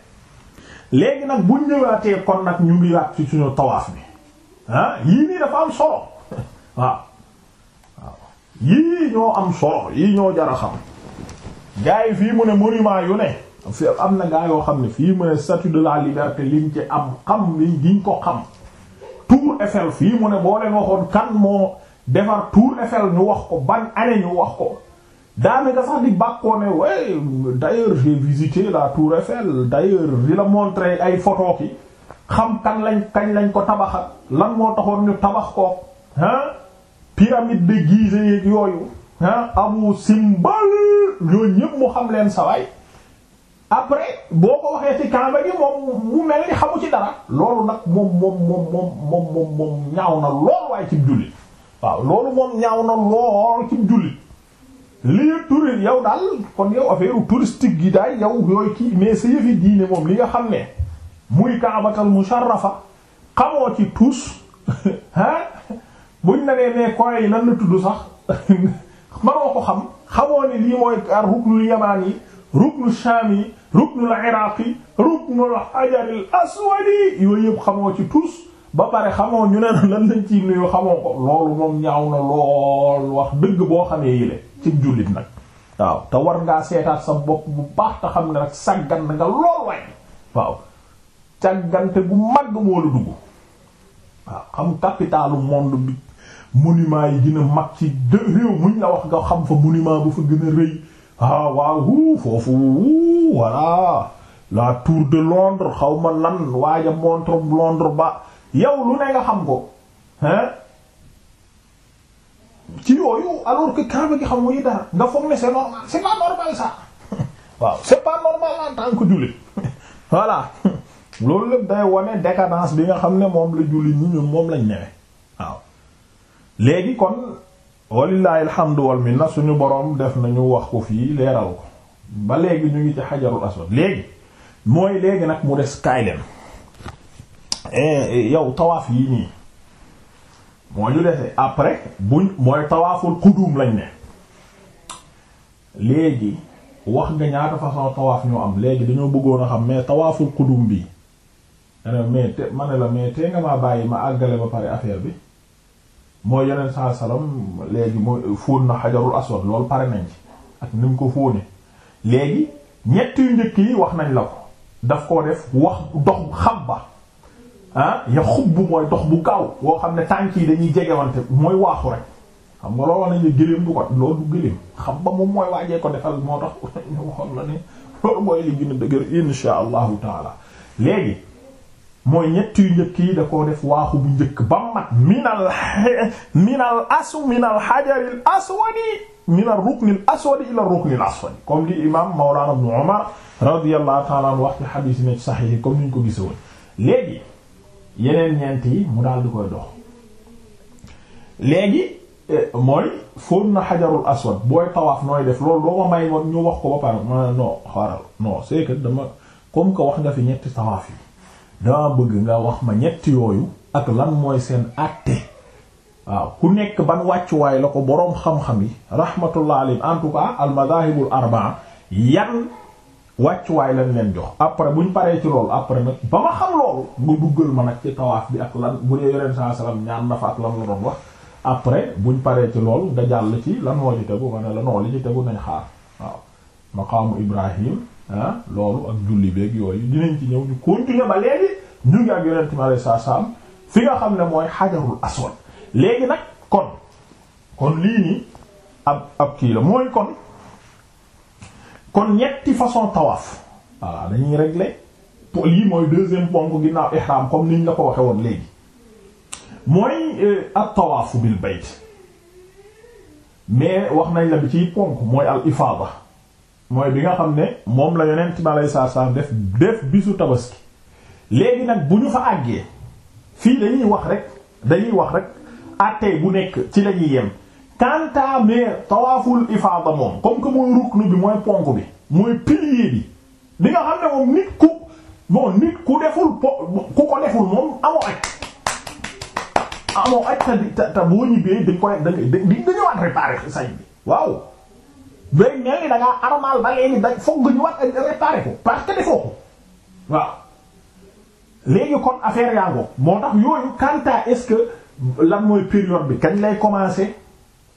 léegi nag buñ ñëwaatee kon nag ñu ngi waat ci suñu tawaaf bi ah yii nii dafa am solo waaw yii ñoo am solo yii ñoo jar xam gars yi fii mu ne monument yu ne fi am na gaa yoo xam ne fii mu ne statue de la liberté liñ ci am xam liñ giñ ko xam Tour Eiffel fii mu ne boo leen waxoon kan moo defar Tour Eiffel ñu wax ko ban année ñu wax ko daanaka sax di bàkkoo ne way d'ailleurs j'ai visité la Tour Eiffel d'ailleurs di la montrer ay photo ki xam kan lañ kañ lañ ko tabaxat lan moo taxoon ñu tabax ko ah pyramide de Gizeh yooyu abu simbal ñooñu ñëpp mu xam leen sawaay après boo ko waxee ci kamba gi moom mu mel ni xamu ci dara loolu nag moom moom moom moom moom ñaaw na lool waaye cib jullit waaw loolu moom ñaaw na lool cib jullit lii touriste yow daal kon yow affaire touristique gi daay yow yooyu kii mais sa yëfi diine moom li nga xam ne muy kaabatal musharrafa xamoo ci tuus ah buñ na nee mais koy lan la tudd sax manoo ko xam xamoo ne lii mooy ar ruknul yamaan yi ruknul shaam yi ruknul iraq yi ruknul hajaril aswad yi yooyu yëpp xamoo ci tous ba pare xamoo ñu ne la lañ ci nuyu xamoo ko loolu moom ñaaw na lool wax dëgg boo xamee yile ci jullit nag waaw te war ngaa seetaat sa bopp bu baax te xam ne nag sàggan nga lool waaye waaw sàggante bu mag moo la dugg waaw xam capitalu monde bi monument yi gën a mag ci dë muñ la wax nga xam fa monument bu fa gën a rëy ah waaw hu foofu hu voilà la tour de Londres xaw ma lan waaja montre Londres ba yow lu ne nga xam ko hein ci yooyu alors que Kaaba gi xamuñu dara nga foog ne c'est normal c'est pas normal ça waaw c'est pas normal en tant que jullit loolu lépp day wone décadence bi nga xam ne moom la jullit ñi ñun moom lañ newe waaw léegi kon walillahi alhamdu wal minna suñu boroom def nañu wax ko fii leeral ko ba léegi ñu ngi ci xajarul aswad léegi mooy léegi nag mu des kaay eh, eh, yow tawaaf yi nii moo ñu defee après buñ mooy tawaaful xuduum lañ ne léegi wax nga ñaata façon tawaaf ñoo am léegi dañoo bëggoon a xam mais tawaaful xuduum bi eh, mais te ma ne la mais tee nga maa bàyyi ma àggale ba pare affaire bi mooy sa saa salaam léegi mooy fóon na xajarul aswad loolu pare nañ ci ak ni mu ko fóone léegi ñett yu njëkk yi wax nañ la ko daf koo def wax dox xam ba ah ya xubbu mooy dox bu gaaw boo xam ne tànk yi dañuy jegewante mooy waaxu rek xam nga loolu nañ ne gëléem du ko loolu du gëléem xam ba moom mooy waajee ko defal moo tax ñu waxoon la ne loolu mooy li gën a dëgër insha allahu taala léegi mooy ñett yu njëkk yi da def waaxu bu njëkk ba mat minal minal asu minal xajaril aswadi minal ruknil aswadi ila ruknil aswadi comme li imam Mawlana ibn Umar radiyallahu ta'ala anhu wax ci xadiis yi nekk yi comme ni ñu ko gise woon yeneen ñeent mu daal di koy dox léegi eh, mooy fóon na xajarul aswad booy tawaaf nooy def loolu doo may woon ñu wax ko ba pare ma non xaaral non c'est que wax nga fi ñetti tawaaf yi dama bëgg nga wax ma ñett yooyu ak lan mooy seen àtte waaw ku nekk ban wàccuwaay la ko boroom xam-xam yi rahmatullah alayhi en tout cas al madahibul arba'a yan wàccuwaay lañ leen jox après buñ paree ci loolu après nag ba ma xam loolu nga duggal ma nag ci tawaaf bi ak lan bu dee yoreen saa salaam ñaan na fa ak lan la doon wax après buñ paree ci lool nga jàll ci lan moo ci tegu ma ne la noo li ci tegu nañ xaar waaw maqaamu Ibrahim ah loolu ak julli beeg yooyu dinañ ci ñëw ñu continuer ba léegi ñu ngi ak yonent mi fi nga xam ne mooy xajarul aswad léegi nag kon kon lii nii ab ab kii la mooy kon kon ñetti façon tawaaf voilà dañuy régler pour lii mooy deuxième ponk ginnaaw ihram comme niñ la ko waxe woon léegi mooy euh, at tawaafu bil bayt mais wax nañ la bi ciy ponk mooy al ifaada mooy bi nga xam ne moom la yonent bi aleyhi salaatu salaam def def bisu tabaski léegi nag bu ñu fa àggee fii dañuy wax rek dañuy wax rek àttee bu nekk ci la ñuy yem quant à mais tawaaful ifaada moom comme que mooy ruknu bi mooy ponk bi mooy pilier bi bi nga xam ne moom nit ku nit ku deful ku ko deful moom amoo aj amoo aj ta boo ñibbee dañ koy dañ dañ dañu wat réparer say bi waaw day mel ni da ngaa ba léegi dañ foog nga ñu wax a réparer ko parce que defoo ko waaw léegi kon affaire yaa moo tax yooyu quant est-ce que lan mooy période bi kañ lay commencer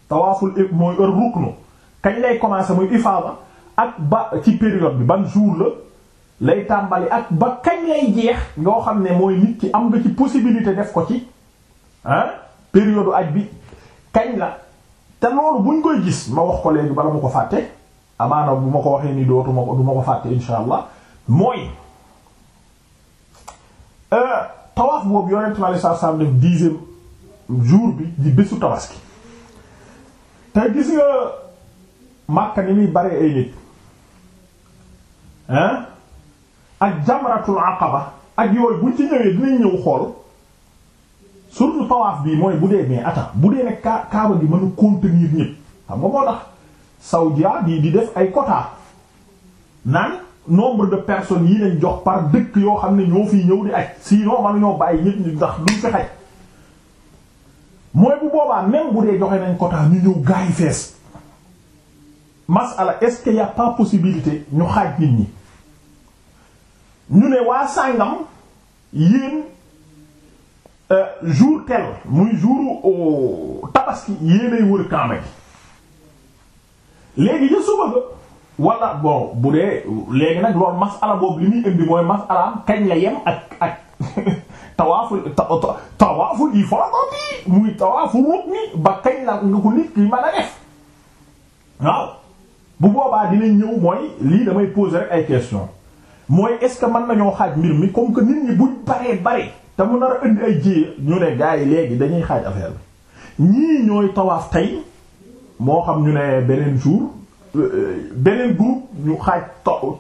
tawaaful mooy heure ruknu kañ lay commencer muy ifaada ak ba ci période bi ban jour la lay tàmbali ak ba kañ lay jeex yoo xam ne mooy nit ki am nga ci possibilité def ko ci ah période aj bi kañ la te loolu buñ koy gis ma wax ko léegi bala ma ko fàtte amaana bu ma ko waxee ni dootuma ko du ma ko fàtte insha allah mooy euh, tawaaf boobu yonent ma saa saa bi di bésu tabaski te gis nga ak jamratul aqaba ak yooyu buñ ci ñëwee dinañ ñëw xool surtout tawaaf bii mooy bu dee mais attends bu dee nag kaa kaaba gi mën a ñëpp xam nga moo tax Saudia di di def ay quota naan nombre de personnes yi lañ jox par dëkk yoo xam ne ñoo fi ñëw di aj sinon man ñoo bàyyi ñëpp ñu ndax duñ fi xaj mooy bu boobaa même bu dee joxe nañ quota ñu ñëw gaay fees masala est-ce qu'il y a pas possibilité ñu xaaj nit ñi ñu ne waa sàngam yéen Euh, jour tel muy jour tabaski yéenay wër kaama gi léegi ja suba ga wala bon bu dee léegi nag loolu masala boobu li muy indi mooy masalaam kañ la yem ak tawaaful tawaaful ifaada muy tawaaful rukni ba kañ la nga ko nit ki mën a def bu boobaa dinañ ñëw mooy lii damay poser ay question mooy est-ce que mën nañoo xaaj mbir mi comme que nit buñ baree bare te mu nar a ay jiye ñu ne gars yi léegi dañuy xaaj affaire bi ñii ñooy tawaaf tey moo xam ñu ne beneen jour euh, euh, beneen groupe ñu xaaj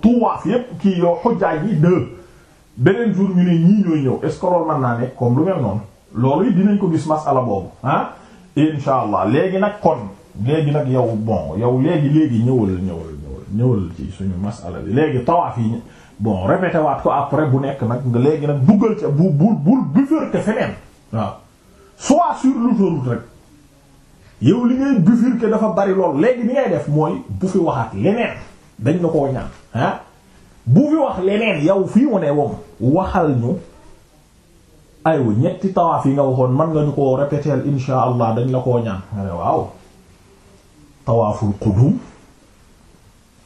tuwaaf yépp kii yoo xojjaaj yi deux beneen jour ñu ne ñii ñooy ñëw est ce naa nekk comme lu mel noonu loolu dinañ ko gis masala boobu ah insha allah léegi nag kon léegi nag yow bon yow léegi léegi ñëwal ñëwal ñëwal ñëwal ci suñu masala bi léegi tawaaf yi bon répété ko après bu nekk nag nga léegi nag duggal ca bu bu bul bifurquer feneen waaw soit sur l'autoroute rek yow li ngay bifurquer dafa bari lool léegi li ngay def mooy bu fi waxaat leneen dañ la koo ñaan ah bu wax leneen yow fii mu ne wom waxal ñu aywa ñetti tawaaf yi nga waxoon mën nga ñu koo répéter insha allah dañ la koo ñaan nga tawaaful qudum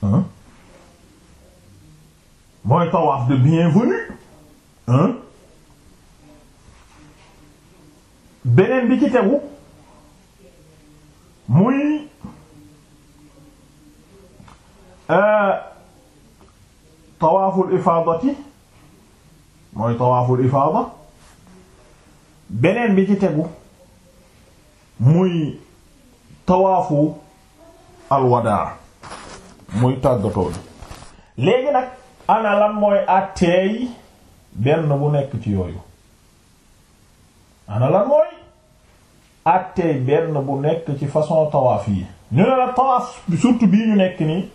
ah? mooy tawaaf de bienvenue hein beneen bi ci tegu muy euh, tawaaful ifaadati mooy tawaaful ifaada beneen bi ci tegu muy tawaafu alwadaa muy tàggatoo léegi nag ana mooy àtteey benn bu nekk ci yooyu ana mooy àtteey benn bu nekk ci façon tawaaf yi ñu ne la tawaaf surtout bii ñu nekk nii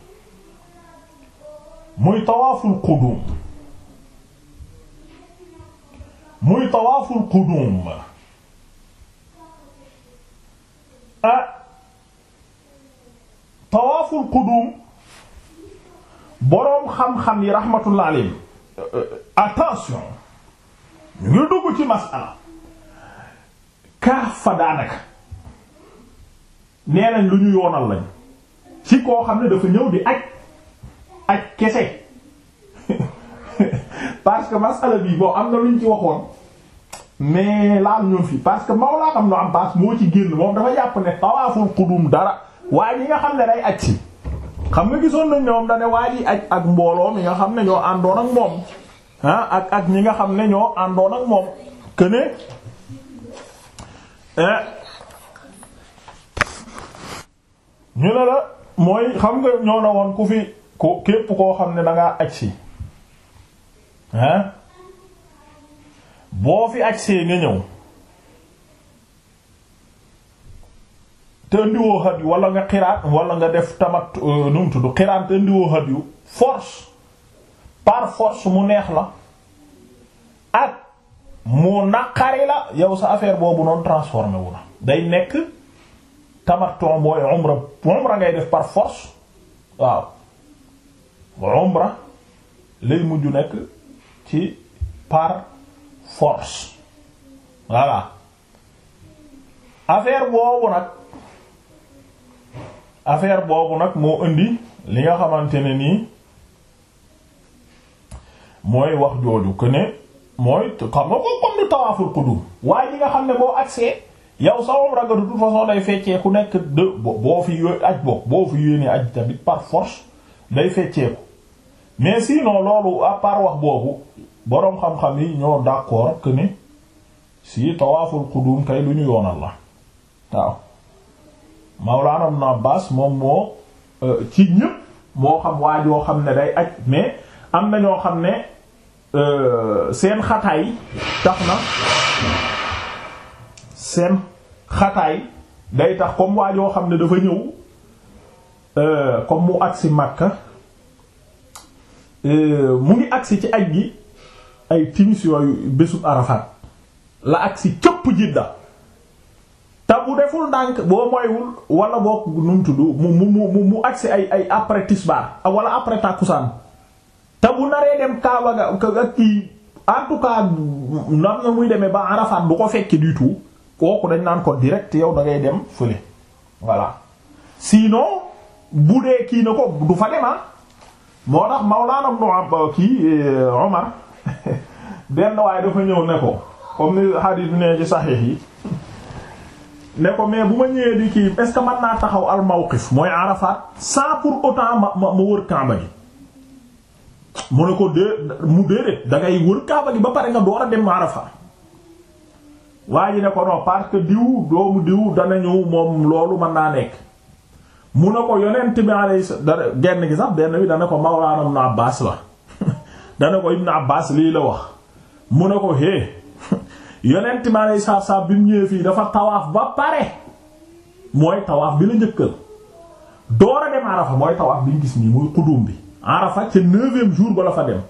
muy tawaaful qudum muy tawaaful qudum ah tawaaful qudum boroom xam-xam yi rahmatullah alayhi euh, euh, attention ñu ngi dugg ci masala kaaf fa daanaka nee nañ lu ñu yoonal lañ ci koo xam ne dafa ñëw di aj aj kese parce que masala bii boo am na lu ñu ci waxoon mais laal ñun fii parce que mawlaa am nu am baas moo ci génn moom dafa yàpp ne tawaaful qudum dara waaye ñi nga xam ne day aj si xam nga gisoon na ñoom da ne waa ji aj ak mbooloo mi nga xam ne ñoo àndoon ak moom ak ak ñi nga xam ne ñoo àndoon ak moom que ne eh, ñu ne la mooy xam nga ñoo na woon ku fi ko képp koo xam ne da ngaa aj si boo fi aj see nga ñëw. te xat yu wala nga xiraat wala nga def tamat euh, nu mu tudd xiraat te indiwoo xat yu force par force mu neex la ak mu naqari la yow sa affaire boobu noonu transformé wu na day nekk tamattu booy umra umra ngay def par force waaw umra lay mujj nekk ci par force voilà affaire boobu nag affaire boobu nag moo indi li nga xamante ne nii mooy wax jooju que ne mooy xam nga ko comme du tawaaful waaye li nga xam ne boo accès yow sa umra ga de toute façon day fecceeku nekk de boo fi yooyu aj boo boo fi yéene aj tamit par force day fecceeku mais sinon loolu à wax boobu boroom xam-xam yi ñoo d'accord que si tawaaful qudum kay lu ñu yoonal la waaw Mawlaana Ibn baas moom moo euh, ci ñëpp moo xam waa joo xam ne day aj mais am na ñoo xam ne euh, seen xataay tax na seen xataay day tax comme waa joo xam ne dafa ñëw euh, comme mu agsi Makka mu ngi agsi ci aj gi ay timis yooyu bésub Arafat la agsi cëpp Jidda te bu deful ndànk boo moywul wala boo nu mu tudd mu mu mu mu agsi ay ay après tisbaar wala après tàkkusaan te bu naree dem Kaaba ga ak kii en tout cas muy demee ba Arafat bu ko fekkee du tout kooku dañ naan ko direct yow da ngay dem fële voilà sinon bu dee kii na ko du fa dem ah. moo tax Mawlana Ibn Abba kii eh, Omar benn waaye dafa ñëw ne ko comme ni hadith ne ci saxiix yi. ne ko mais bu ma ñëwee di kii est ce que mën naa taxaw al mooy Arafat sans pour autant ma ma wër Kaaba gi mu ne ko dé mu déedéet da ngay wër Kaaba gi ba pare nga door a dem Arafat waa ji ne ko non parce que diw doomu diw danañu moom loolu mën naa nekk mu ne ko yonent bi alayhi genn gi sax denn bi dana ko Mawlaana Ibn Abbaas la dana ko Ibn Abbaas lii la wax mu ne ko hé yonent ma lay saab saab bi mu ñëwee fii dafa tawaaf ba pare mooy tawaaf bi la njëkkal door a dem arafa mooy tawaaf bi ñu gis nii mooy bi arafa ca neuvième jour ba la fa dem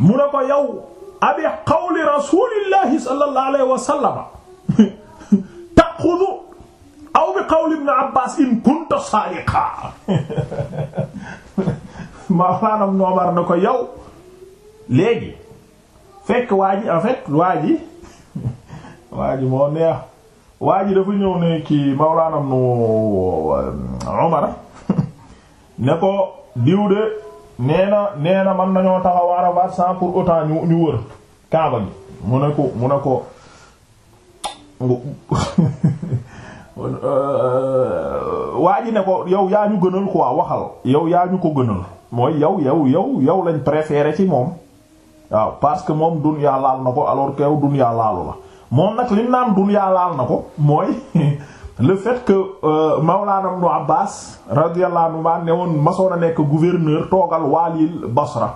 mu ne ko yow abi qawli rasulillahi sallallahu alayhi wa aw bi qawli ibn abbas in kunta sadiqa maolaanam noomar na ko yow léegi fekk waa ji en waa ji moo neex waa ji dafa ñëw ne kii Mawlana nu um, Umar ne ko diw de nee na nee na mën nañoo taxaw Arafat sans pour autant ñu ñu wër Kaaba gi mu ne ko mu ne ko euh, waa ji ne ko yow yaa ñu gënal quoi waxal yow yaa ñu ko gënal mooy yow yow yow yow lañ préféré ci moom waaw parce que moom dunya laal na ko alors que yow laalu la moom nag lim naan dunyaa laal na ko mooy le fait que euh, Mawlaana Ibnu Abbaas radiyallahu anhu ma ne woon masoon a nekk gouverneur toogal waalil Basra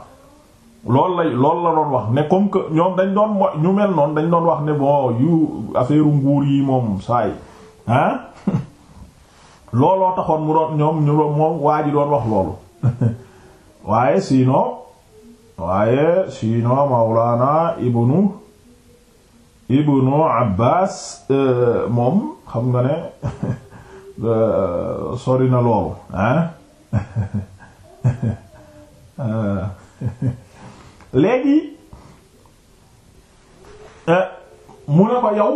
loolu lay loolu la doon wax ne comme que ñoom dañ doon ñu mel noon dañ doon wax ne bon yu affaire nguur yi moom saay ah looloo taxoon mu doon ñoom ñu doon moom waa doon wax loolu waaye sinon waaye sinon Mawlaana Ibnu ibnu Abbas euh, moom xam nga ne euh, sori na loolu ah léegi euh, mu ne ko yow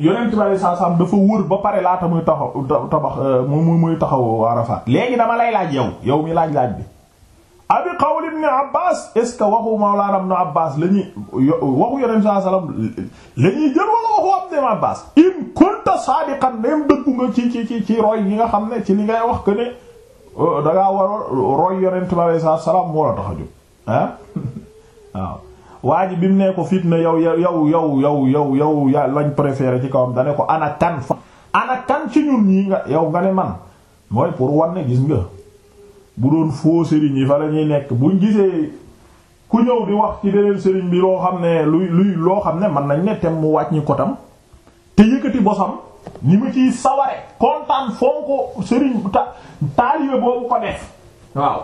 yonent bi saa saam dafa wër ba pare laata muy taxaw tabax muy muy taxaw Arafat léegi dama lay laaj yow yow mi laaj laaj bi abi qawl ibn abbas est ce waxu mawlana ibn abbas la ñuy waxu yonent saa salaam la ñuy jël wala waxu abdem abbas in kunta sadiqan dem dëggu nga ci ci roy yi nga xam ne ci li ngay wax que ne euh, da war roy yonent bi saa salaam moo la tax a jóg ah waaw waa ji ne ko fitna yow yow yow yow yow yow lañ préféré ci kaw da ne ko ana fa ana ci ñun ñii nga yow nga ne man mooy pour wan gis nga. bu doon foo sëriñ yi fa la nekk buñ gisee ku ñëw di wax ci beneen sëriñ bi loo xam ne luy luy loo xam ne mën nañ ne tem mu wàññi ko tam te yëkkati bosam ni mu ciy saware kontaan foo ko sëriñ ta taalibe boobu ko def waaw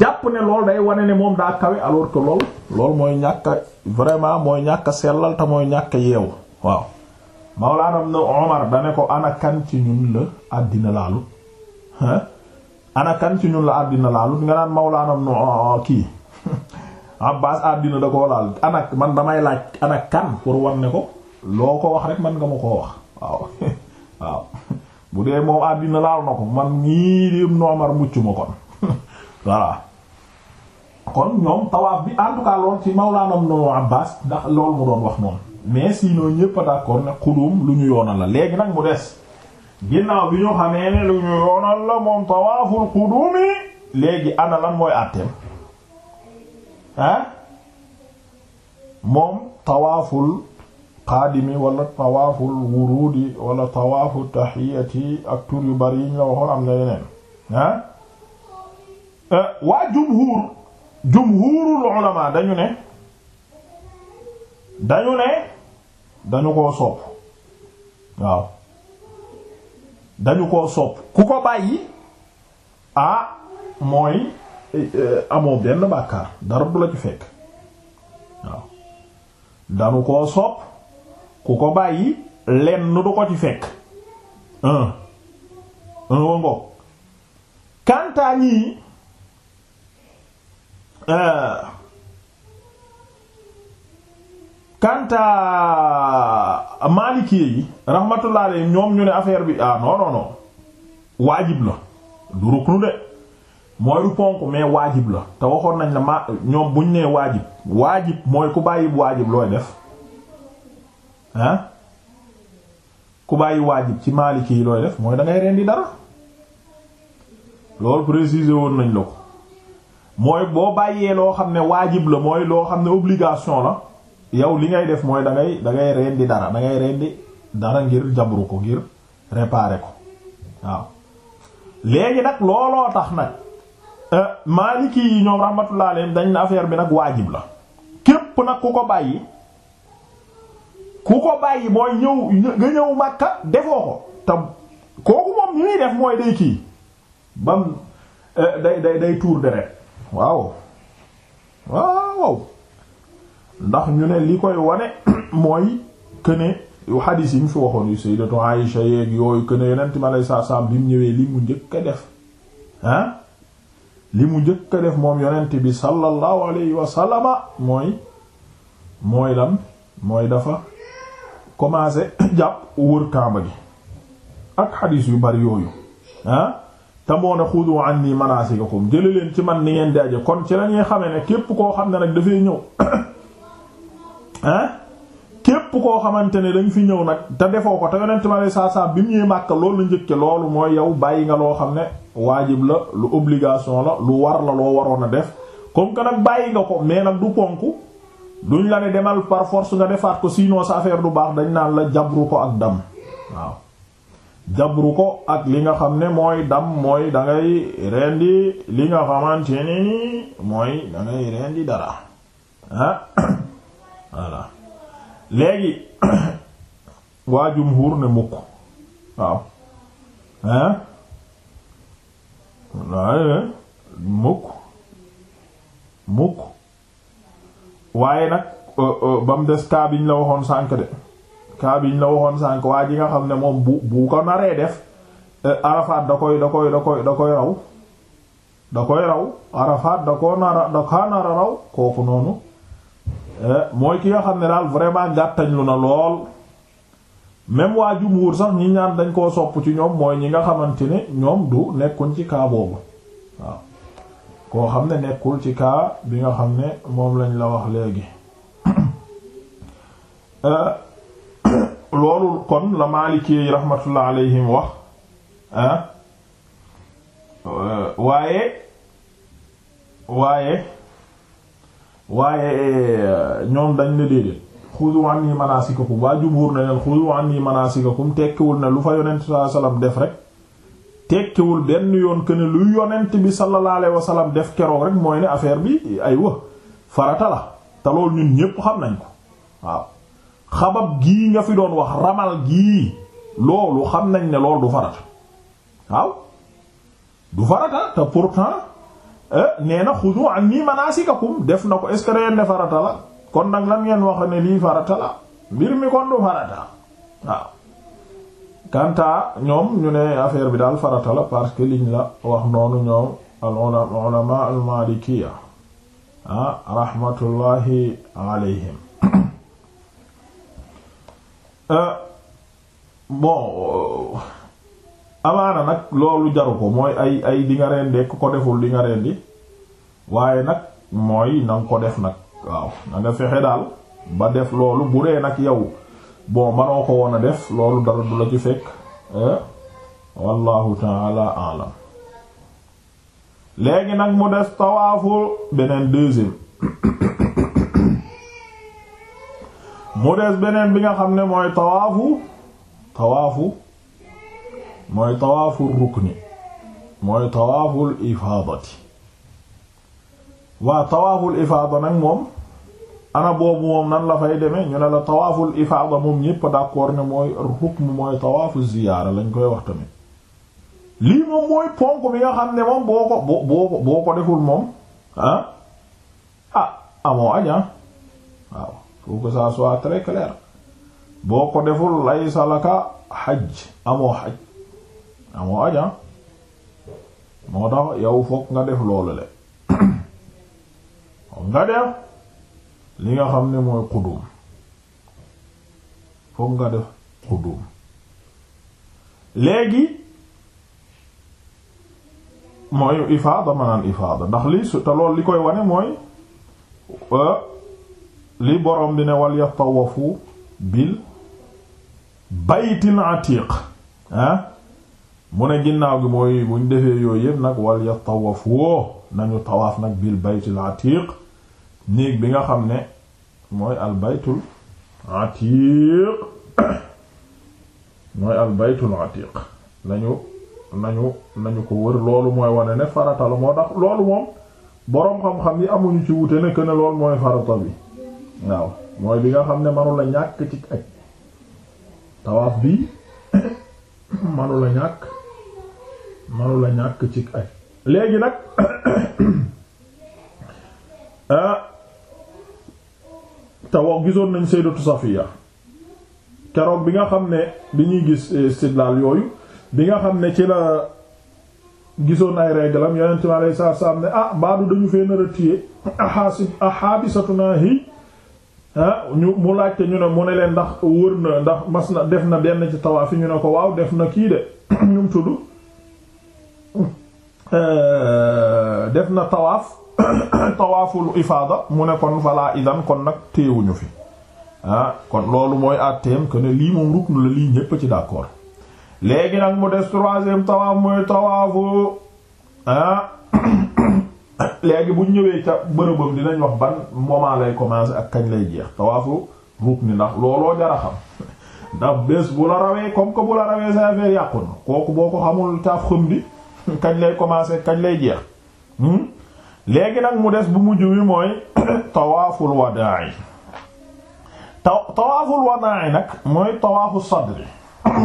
jàpp ne loolu day wane ne moom daa kawe alors que lool lool mooy ñàkk vraiment mooy ñàkk sellal te mooy ñàkk yeew waaw Mawlaana Omar da ko ana ci ñun la àddina laalu anakan ci ñun la àddina laalut nga naan mawlaanam no ah, kii Abbas àddina da koo laal anak man damay laaj anakan pour wan ne ko loo ko wax rek man nga ma koo wax waaw bu dee moom àddina laal na ko man ñii di noomar mucc ma kon voilà kon ñoom tawaaf bi en tout cas lool ci mawlaanam no Abbas ndax lool mu doon wax noonu mais sinon ñépp d'accord ne xudum lu ñu yoona la léegi nag mu dees ginnaaw bi ñu xamee ne lu ñu yoonal la moom tawaaful qudumi léegi ana lan mooy àtteem ah moom tawaaful qaadimi wala tawaaful wurudi wala tawaafu tahiyati ak yu bari yi ñu la waxoon am na yeneen ah waa jumhur jumhurul ulama dañu ne dañu ne dañu waaw dañu koo sopp ku ko bàyyi ah mooy eh, eh, amoo benn bàkkaar dara du la ci fekk waaw dañu koo sopp ku ko bàyyi lenn du ko ci fekk un un wongo kantaa ñii kantaa euh, maalikee yi rahmatullah alayhi ñoom ñu ne affaire bi ah non non non waajib la du ruknu de mooy du ponk waajib la te waxoon nañ la ma ñoom buñ nee waajib waajib mooy ku bàyyi waajib looy def ah ku bàyyi waajib ci maaliki kii looy def mooy dangay ngay rendi dara loolu préciser woon nañ la ko mooy boo bàyyee loo xam ne waajib la mooy loo xam ne obligation la yow li ngay def mooy da ngay da di rendi dara da ngay rendi dara ngir jabru ko ngir réparer ko waaw léegi nag looloo tax nag euh, maaliki yi ñoom rahmatullah alayhim dañ na affaire bi nag waajib la képp nag ku ko bàyyi ku ko bàyyi mooy ñëw nga ñëw Makka defoo ko te kooku moom li muy def mooy day kii bam euh, day day tuur deret waaw waaw ndax ñu ne li koy wane mooy këne yu xadiis yi mu fi waxoon yu sayyidatu Aïsha yeeg yooyu que ne yonent mi alayhi salaatu salaam bi mu ñëwee li mu njëkk a def ah, li mu njëkk a def moom yonent bi sallallahu alayhi wa sallama mooy mooy lan mooy dafa commencé jàpp wër Kaaba gi ak xadiis yu bari yooyu ah te moo ne xudu anni manasikakum jële leen ci man ni ngeen di aje kon ci la ñuy ne képp koo xam ne nag dafay ñëw ah, képp koo xamante ne dañ fi ñëw nag te defoo ko te yonent bi alei saa salaam bi mu ñëwee Màkka loolu la loolu mooy yow bàyyi nga loo xam ne waajib la lu obligation la lu war la loo waroon a def comme que nag bàyyi nga ko mais nag du ponk duñ la ne demal par force nga defaat ko sinon sa affaire du baax dañ naan la jabru ko ak dam waaw jabru ko ak li nga xam ne mooy dam mooy da ngay rendi li nga xamante ne mooy da ngay rendi dara ah voilà léegi waa jumhur ne mukk waaw hein mukk mukk waaye nag euh, euh, ba des kaa biñ la waxoon sànk de kaa biñ la waxoon sànk waa yi nga xam ne moom bu bu ko naree def euh, arafaat da koy da koy da koy da koy raw da koy raw arafaat da ko nara da kaa nara raw kooku noonu Eh, mooy ki nga xam ne daal vraiment gàttañ na lool même waa jumhur sax ñi ñaan dañ koo sopp ci ñoom mooy ñi nga xamante ne ñoom du nekkuñ ci kaa boobu waaw koo xam ne nekkul ci kaa bi nga xam ne moom lañ la wax léegi eh, loolu kon la Maliki yi rahmatullah alayhim wax ah waaye waaye waaye eh, ñoom dañ ne déedéet xudu anni manasikakum waa jumhur na leen xudu anni manasikakum tekkiwul ne lu fa yonent sallallahu alayhi wasallam def rek tekkiwul benn yoon que ne lu yonent bi sallallahu alayhi wasallam def keroog rek mooy ne affaire bi ay wa farata la te loolu ñun ñépp xam nañ ko waaw xabab gii nga fi doon wax ramal gii loolu xam nañ ne loolu du farata waaw du farata te pourtant Eh, nee na xudu anni manasikakum def na ko est ce farata la kon nag lan ngeen wax ne lii farata la mbir mi kon du farata waaw. Kanta ñoom ñu ne affaire bi daal farata la parce que liñ la wax noonu ñoom al ulama al malikiya ah rahmatullahi alayhim eh, bon. amaana nag loolu jaru ko mooy ay ay di nga reen ko deful di nga waaye nag mooy na nga ko def nag waaw na nga fexe daal ba def loolu bu dee nag yow bon manoo ko woon a def loolu dara du la ci fekk eh? wallahu taala alam léegi nag mu des tawaafu beneen deuxième mu des beneen bi nga xam ne mooy tawaafu tawaafu mooy tawaaful rukni mooy tawaaful ifaadati waa tawaaful ifaada nag moom ana boobu moom nan la fay demee ñu ne la tawaaful ifaada moom ñépp d'accord ne mooy rukn mooy tawaafu ziyaara lañ koy wax tamit lii moom mooy ponk bi nga xam ne moom boo ko boo ko deful moom ah, ah amoo aja ah. waaw faut que ça soit très clair boo ko deful lay salaka xaj amoo xaj amoo ah, aja moo tax yow fokk nga def loolu le fokk nga def li nga xam ne mooy xudum fokk nga def xudum léegi mooy ifaada manaan ifaada ndax li su te loolu li koy wane mooy euh, li borom bi ne wal yatawafu bil baytil atiq ah mu ne ginnaaw gi mooy bu ñu defee yooyu yëpp nag wal yatawafu nañu tawaaf nag bil baytul atiq néeg bi nga xam ne mooy al baytul atiq mooy al baytul atiq nañu nañu nañu ko wër loolu mooy wane ne farata moo tax loolu moom boroom xam-xam yi amuñu ci wute ne ne loolu mooy farata bi waaw mooy bi nga xam ne manu la ñàkk ci tawaaf bi manu ñàkk manu la ñàkk ci ay léegi nag ah, te wax gisoon nañ sayyidatu Safiya keroog bi nga xam ne bi ñuy gis eh, istidlaal yooyu bi nga xam ne ci la gisoon ay réglam yonent mi alayhi salaatu salaam ne ah baadu dañu fee nar a téye ahaasib ahaabisatuna hi ah, ñu mu laajte ñu ne mu ne leen ndax wër na ndax mas na def na benn ci tawaaf fi ñu ne ko waaw def na kii de ñum tudd Euh, def na tawaaf tawaaful ifaada mu ne kon falaa idan kon nag téewuñu fi ah kon loolu mooy àtteem que ne lii moom ruknu la lii ñépp ci d'accord léegi nag mu des troisième tawaaf mooy tawaafu ah léegi bu ñëwee ca bërëbam dinañ wax ban moment lay commencer ak kañ lay jeex tawaafu rukni ndax looloo jar a xam ndax bés bu la rawee comme que bu la rawee sa affaire yàqu kooku boo ko xamul taaf xam di kañ lay commencer kañ lay jeex hmm? léegi nag mu des bu mujj wi mooy tawaaful wadaa taw tawaaful nag mooy tawaafu sadri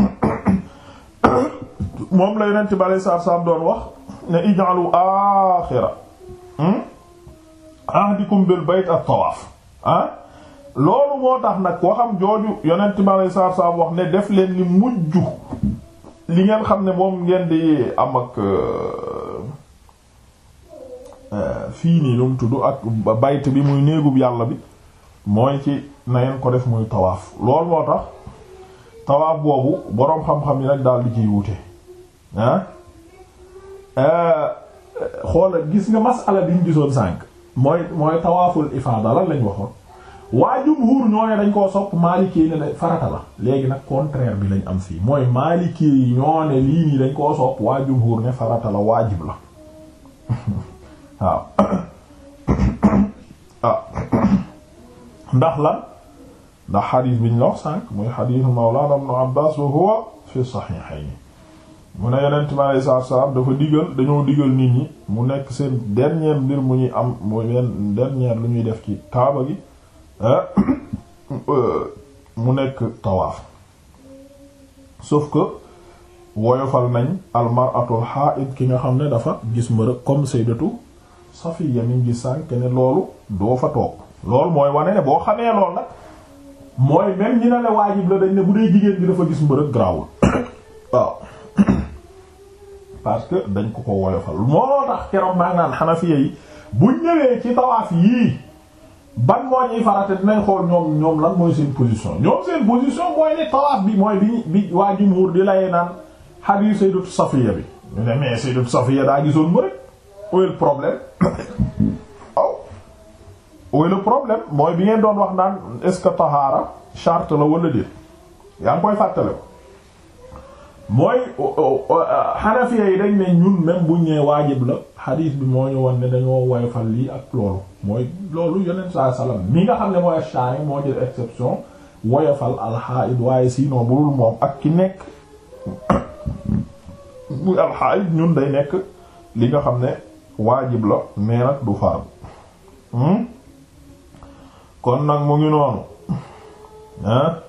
moom la yonent bi alayhi salaatu salaam doon wax ne ij'alu aaxira hmm? ahdikum bil bayt at-tawaaf ah? loolu moo tax nag waxam jooju yonent bi alayhi salaatu wax ne def leen li mujj li ngeen xam ne moom ngeen di am ak euh, euh, fii nii lu mu tudd ak bayt bi muy néegub yàlla bi mooy ci na ko def muy tawaaf loolu moo tax tawaaf boobu boroom xam-xam yi lañ daal di ciy wute ah euh, xoola gis nga masala bi ñu gisoon sànq mooy mooy tawaaful ifaada lan lañ waxoon waa jumhur ñoo ne dañ koo sopp maalikee yi ne farata la léegi nag bi lañ am fii mooy maalikee yi ñoo ne lii nii dañ koo sopp waa jumhur ne farata la waajib la waaw ah. ah. ndax lan ndax xadiis biñ la wax sànq muy xadiisu mawlaana ibnu abbaas wa huwa fi saxiixayni mu ne yonent bi alayhi salaatu salaam dafa digal dañoo digal nit ñi mu nekk seen dernier mbir mu ñuy am mooy benn dernier lu ñuy def ci kaaba gi Euh, euh, mu nekk tawaaf sauf que woyofal nañ almaratul haid ki nga xam ne dafa gis ma rek comme sayyidatu Safiya mi ngi sànk ne loolu doo fa toog loolu mooy wane ne boo xamee lool nag mooy même ñi ne la waajib la dañ ne bu dee jigéen bi dafa gis mbërëg grawul waaw parce que dañ ko ko woyofal moo tax keroog maa naan xanafiya yi bu ñëwee ci tawaaf yii ban moo ñuy farata dinañ xool ñoom ñoom lan mooy seen position ñoom seen position mooy ne tawaaf bi mooy bi bi waa jumhuur di lay naan hadith Sayyidatu Safiya bi ñu ne mais Sayyidatu Safiya daa gisoon mu rek problème aw oh. où problème mooy bi ngeen doon wax naan est-ce que tahaara charte la wala déet yaa ngi koy fàttale ko mooy xanafiya yi dañ ne ñun même buñ nee waajib la xadiis bi moo ñu won ne dañoo woyofal lii ak loolu mooy loolu yeneen sa salaam mi nga xam ne moo jël exception woyofal alxaid waaye ak ki nekk muy alxaid ñun day nekk li nga xam ne waajib la mais nag du faram hmm? kon nag mu ngi noonu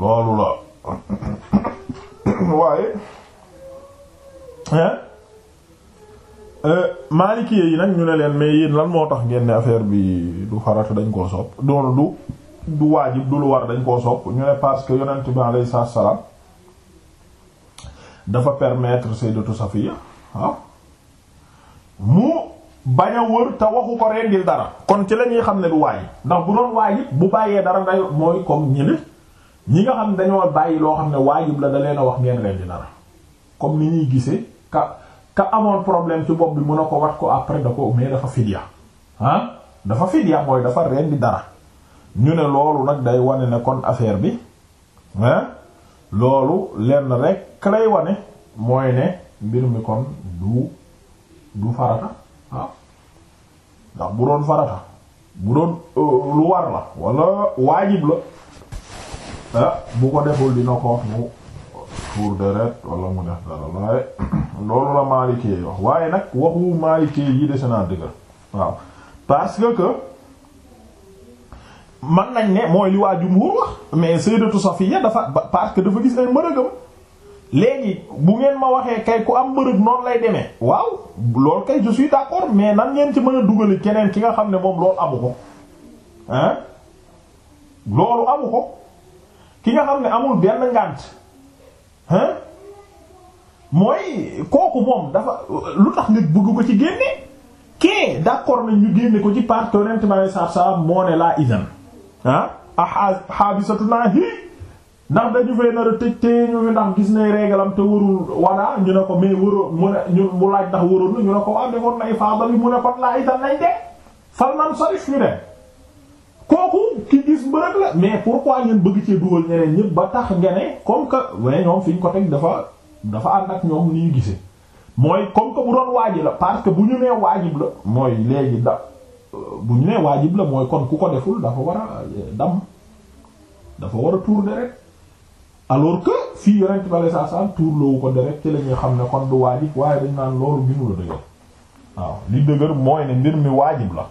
loolu la waaye euh, maalikee yi nag ñu ne leen mais yéen lan moo tax ngeen ne affaire bi du farata dañ koo sopp doonu du du waajib du lu war dañ koo sopp ñu ne parce que yonent bi sa salaam dafa permettre sayyidatu Safiya waaw ah, mu bañ te waxu ko rendil dara kon ci lañuy xam ne du waajib ndax bu doon waajib bu bàyyee dara ngay mooy comme ñële ñi nga xam dañoo bàyyi loo xam ne waajib la da leen a wax ngeen leen di nar comme ni ñuy gisee ka ka amoon problème ci bopp bi mu a ko wax ko après da ko mais dafa fidya ah dafa fidya mooy dafa reen dara ñu ne loolu nag day wane ne kon affaire bi loolu leen lenn rek lay wane mooy ne mbir mi kon du du farata ndax bu doon farata bu doon euh, lu war la wala waajib la. bu ko deful dina ko mu tuur deret wala mu def dara waaye loolu la Maliki yi wax waaye nag waxu Maliki yi dese naa dëgër waaw parce que man nañ ne mooy li waa jumhur wax mais Sayyidatu Safiya dafa parce que dafa gis ay mbërëgam léegi bu ngeen ma waxee kay ku am mbërëg noonu lay demee waaw loolu kay je suis d'accord mais nan ngeen ci mën a dugali keneen ki nga xam ne moom loolu amu ko hein loolu amu ko ki nga xam ne amul benn ngànt hein mooy kooku moom dafa lu tax nit bëgg ko ci génne kee d'accord nañ ñu génne ko ci par torrent ma saab saab moo ne laa idan ah ah xaabisatu naa hi ndax dañu fee nar a tëj te ñu ndax gis ne régalam te warul walla ñu ne ko mais waroo mu ne ñu mu laaj ndax waroon na ñu ne ko waa defoon na ifaada bi mu ne kon laa idan nañ de fal nan sarif ñu kooku ki gis mbërëg la mais pourquoi ngeen bëgg cee dugal ñeneen ñëpp ba tax nga ne comme que waaye ñoom fi ñu ko teg dafa dafa ànd ak ñoom ni ñu gisee mooy comme que bu doon waajib la parce que bu ñu nee waajib la mooy léegi bu ñu nee waajib la mooy kon ku ko deful dafa war a euh, dam dafa war a tuur rek alors que fii yonent bale saa saa tourloowu ko deret ci la ñuy xam ne kon du waajib waaye dañ naan loolu ginu la dëgër waaw li dëgër mooy ne mbir mi waajib la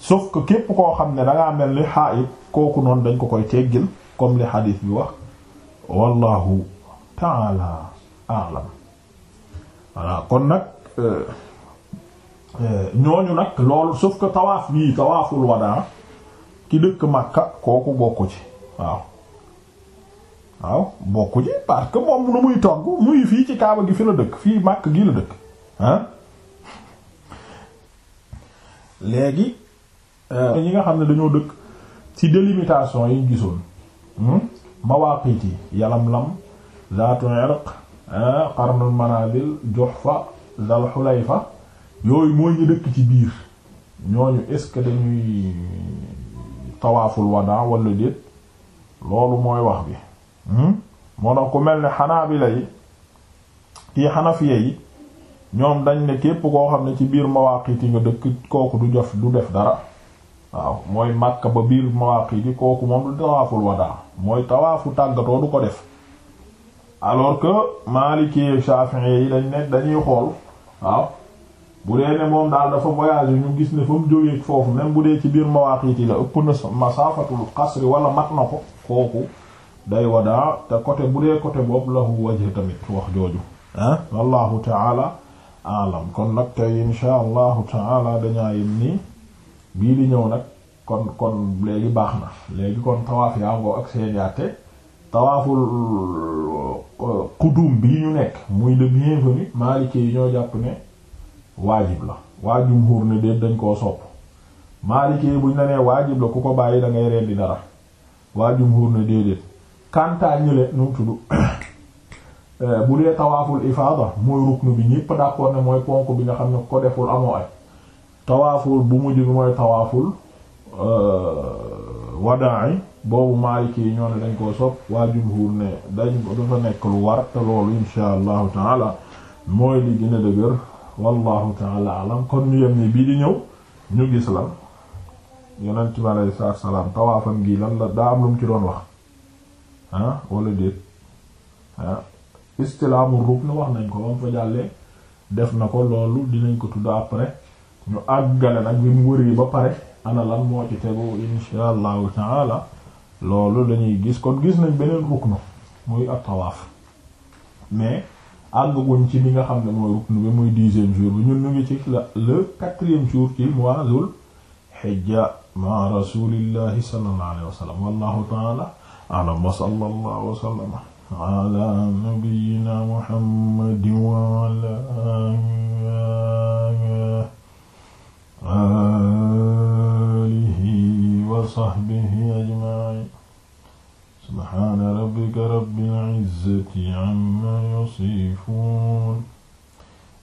sauf ko képp koo xam ne dangaa mel ni xaayib kooku noonu dañ ko koy teggil comme li xadiis bi wax wallahu taala alam voilà kon nag euh, euh, ñooñu nag loolu sauf que tawaaf bii tawaaful wadaa ki dëkk Makka kooku bokku ci waaw waaw bokku ci parce moom lu muy togg muy fii ci Kaaba gi fi la dëkk fii Makka gi la dëkk ah léegi Euh. ñi nga xam ne dañoo dëkk ci délimitation yi gisoon hmm? mawaqit yi yalamlam zaatu irq euh, qarnul manazil juhfa zal hulayfa yooyu moo ñu dëkk ci biir ñooñu est-ce que dañuy tawaaful wadaa wala déet loolu mooy wax bi hmm? moo tax ku mel ni xanaabila yi kii xanafiya yi ñoom dañ ne képp koo xam ne ci biir mawaqit yi nga dëkk kooku du jof du def dara waaw mooy Makka ba biir Mawaqiti kooku moom du tawaaful wadaa mooy tawaafu tàggatoo du ko def alors que Maliki Shafi'i yi dañ nekk dañuy xool waaw bu dee ne moom daal dafa voyage ñu gis ne fa mu jógee foofu même bu dee ci biir Mawaqiti la ëpp na masafatul qasri wala mat na ko kooku day wadaa te côté bu dee côté boobu lahu wajh tamit wax jooju ah wallahu ta'ala alam kon nag tey insha allahu ta'ala dañaa yem nii bii di ñëw nag kon kon léegi baax na léegi kon tawaaf yaa ngoo ak seen yaate tawaaful xudum euh, bii ñu nekk muy le bienvenu maalikee yi ñoo jàpp ne waajib la waajum xuur ne déet dañ koo sopp maalikee yi buñ la nee waajib la ku ko bàyyi da ngay di dara waajum xuur ne déedéet kantaa ñële nu mu tudd euh, bu dee tawaaful ifaada mooy ruknu bi ñépp d'accord ne mooy ponk bi nga xam ne ko deful amoo ay tawaaful bu mujj bi mooy tawaaful euh, wadaa boobu Maliki yi ñoo ne dañ koo sopp waa jumhur ne dañ ko dafa nekk lu war te loolu insha allahu taala mooy li gën dëgër wallahu taala alam kon ñu yem ni bii di ñëw ñu gis lan yonent bi alayhi salaatu salaam tawaafam gi lan la daa am lu mu ci doon wax ah wala déet ah istilaamul rukn wax nañ ko ba mu fa jàllee def na ko loolu dinañ ko tudd après ñu àggale nag bi mu wëree ba pare ana lan moo ci tegu insha allahu taala loolu lañuy gis kon gis nañ beneen ruknu muy at-tawaaf mais àgguñ ci li nga xam ne mooy ruknu bi muy dixième jour bi ñu ñu ngi ci la le quatrième jour ci mois zul hijja ma rasulillahi sallallahu alayhi a'lam wa sallallahu wa sallama ala alihi wa sahbihi ajma'in subhana rabbika rabbil izzati amma yasifun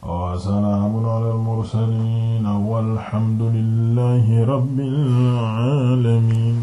wa salaamun alal mursalin walhamdulillahi rabbil alamin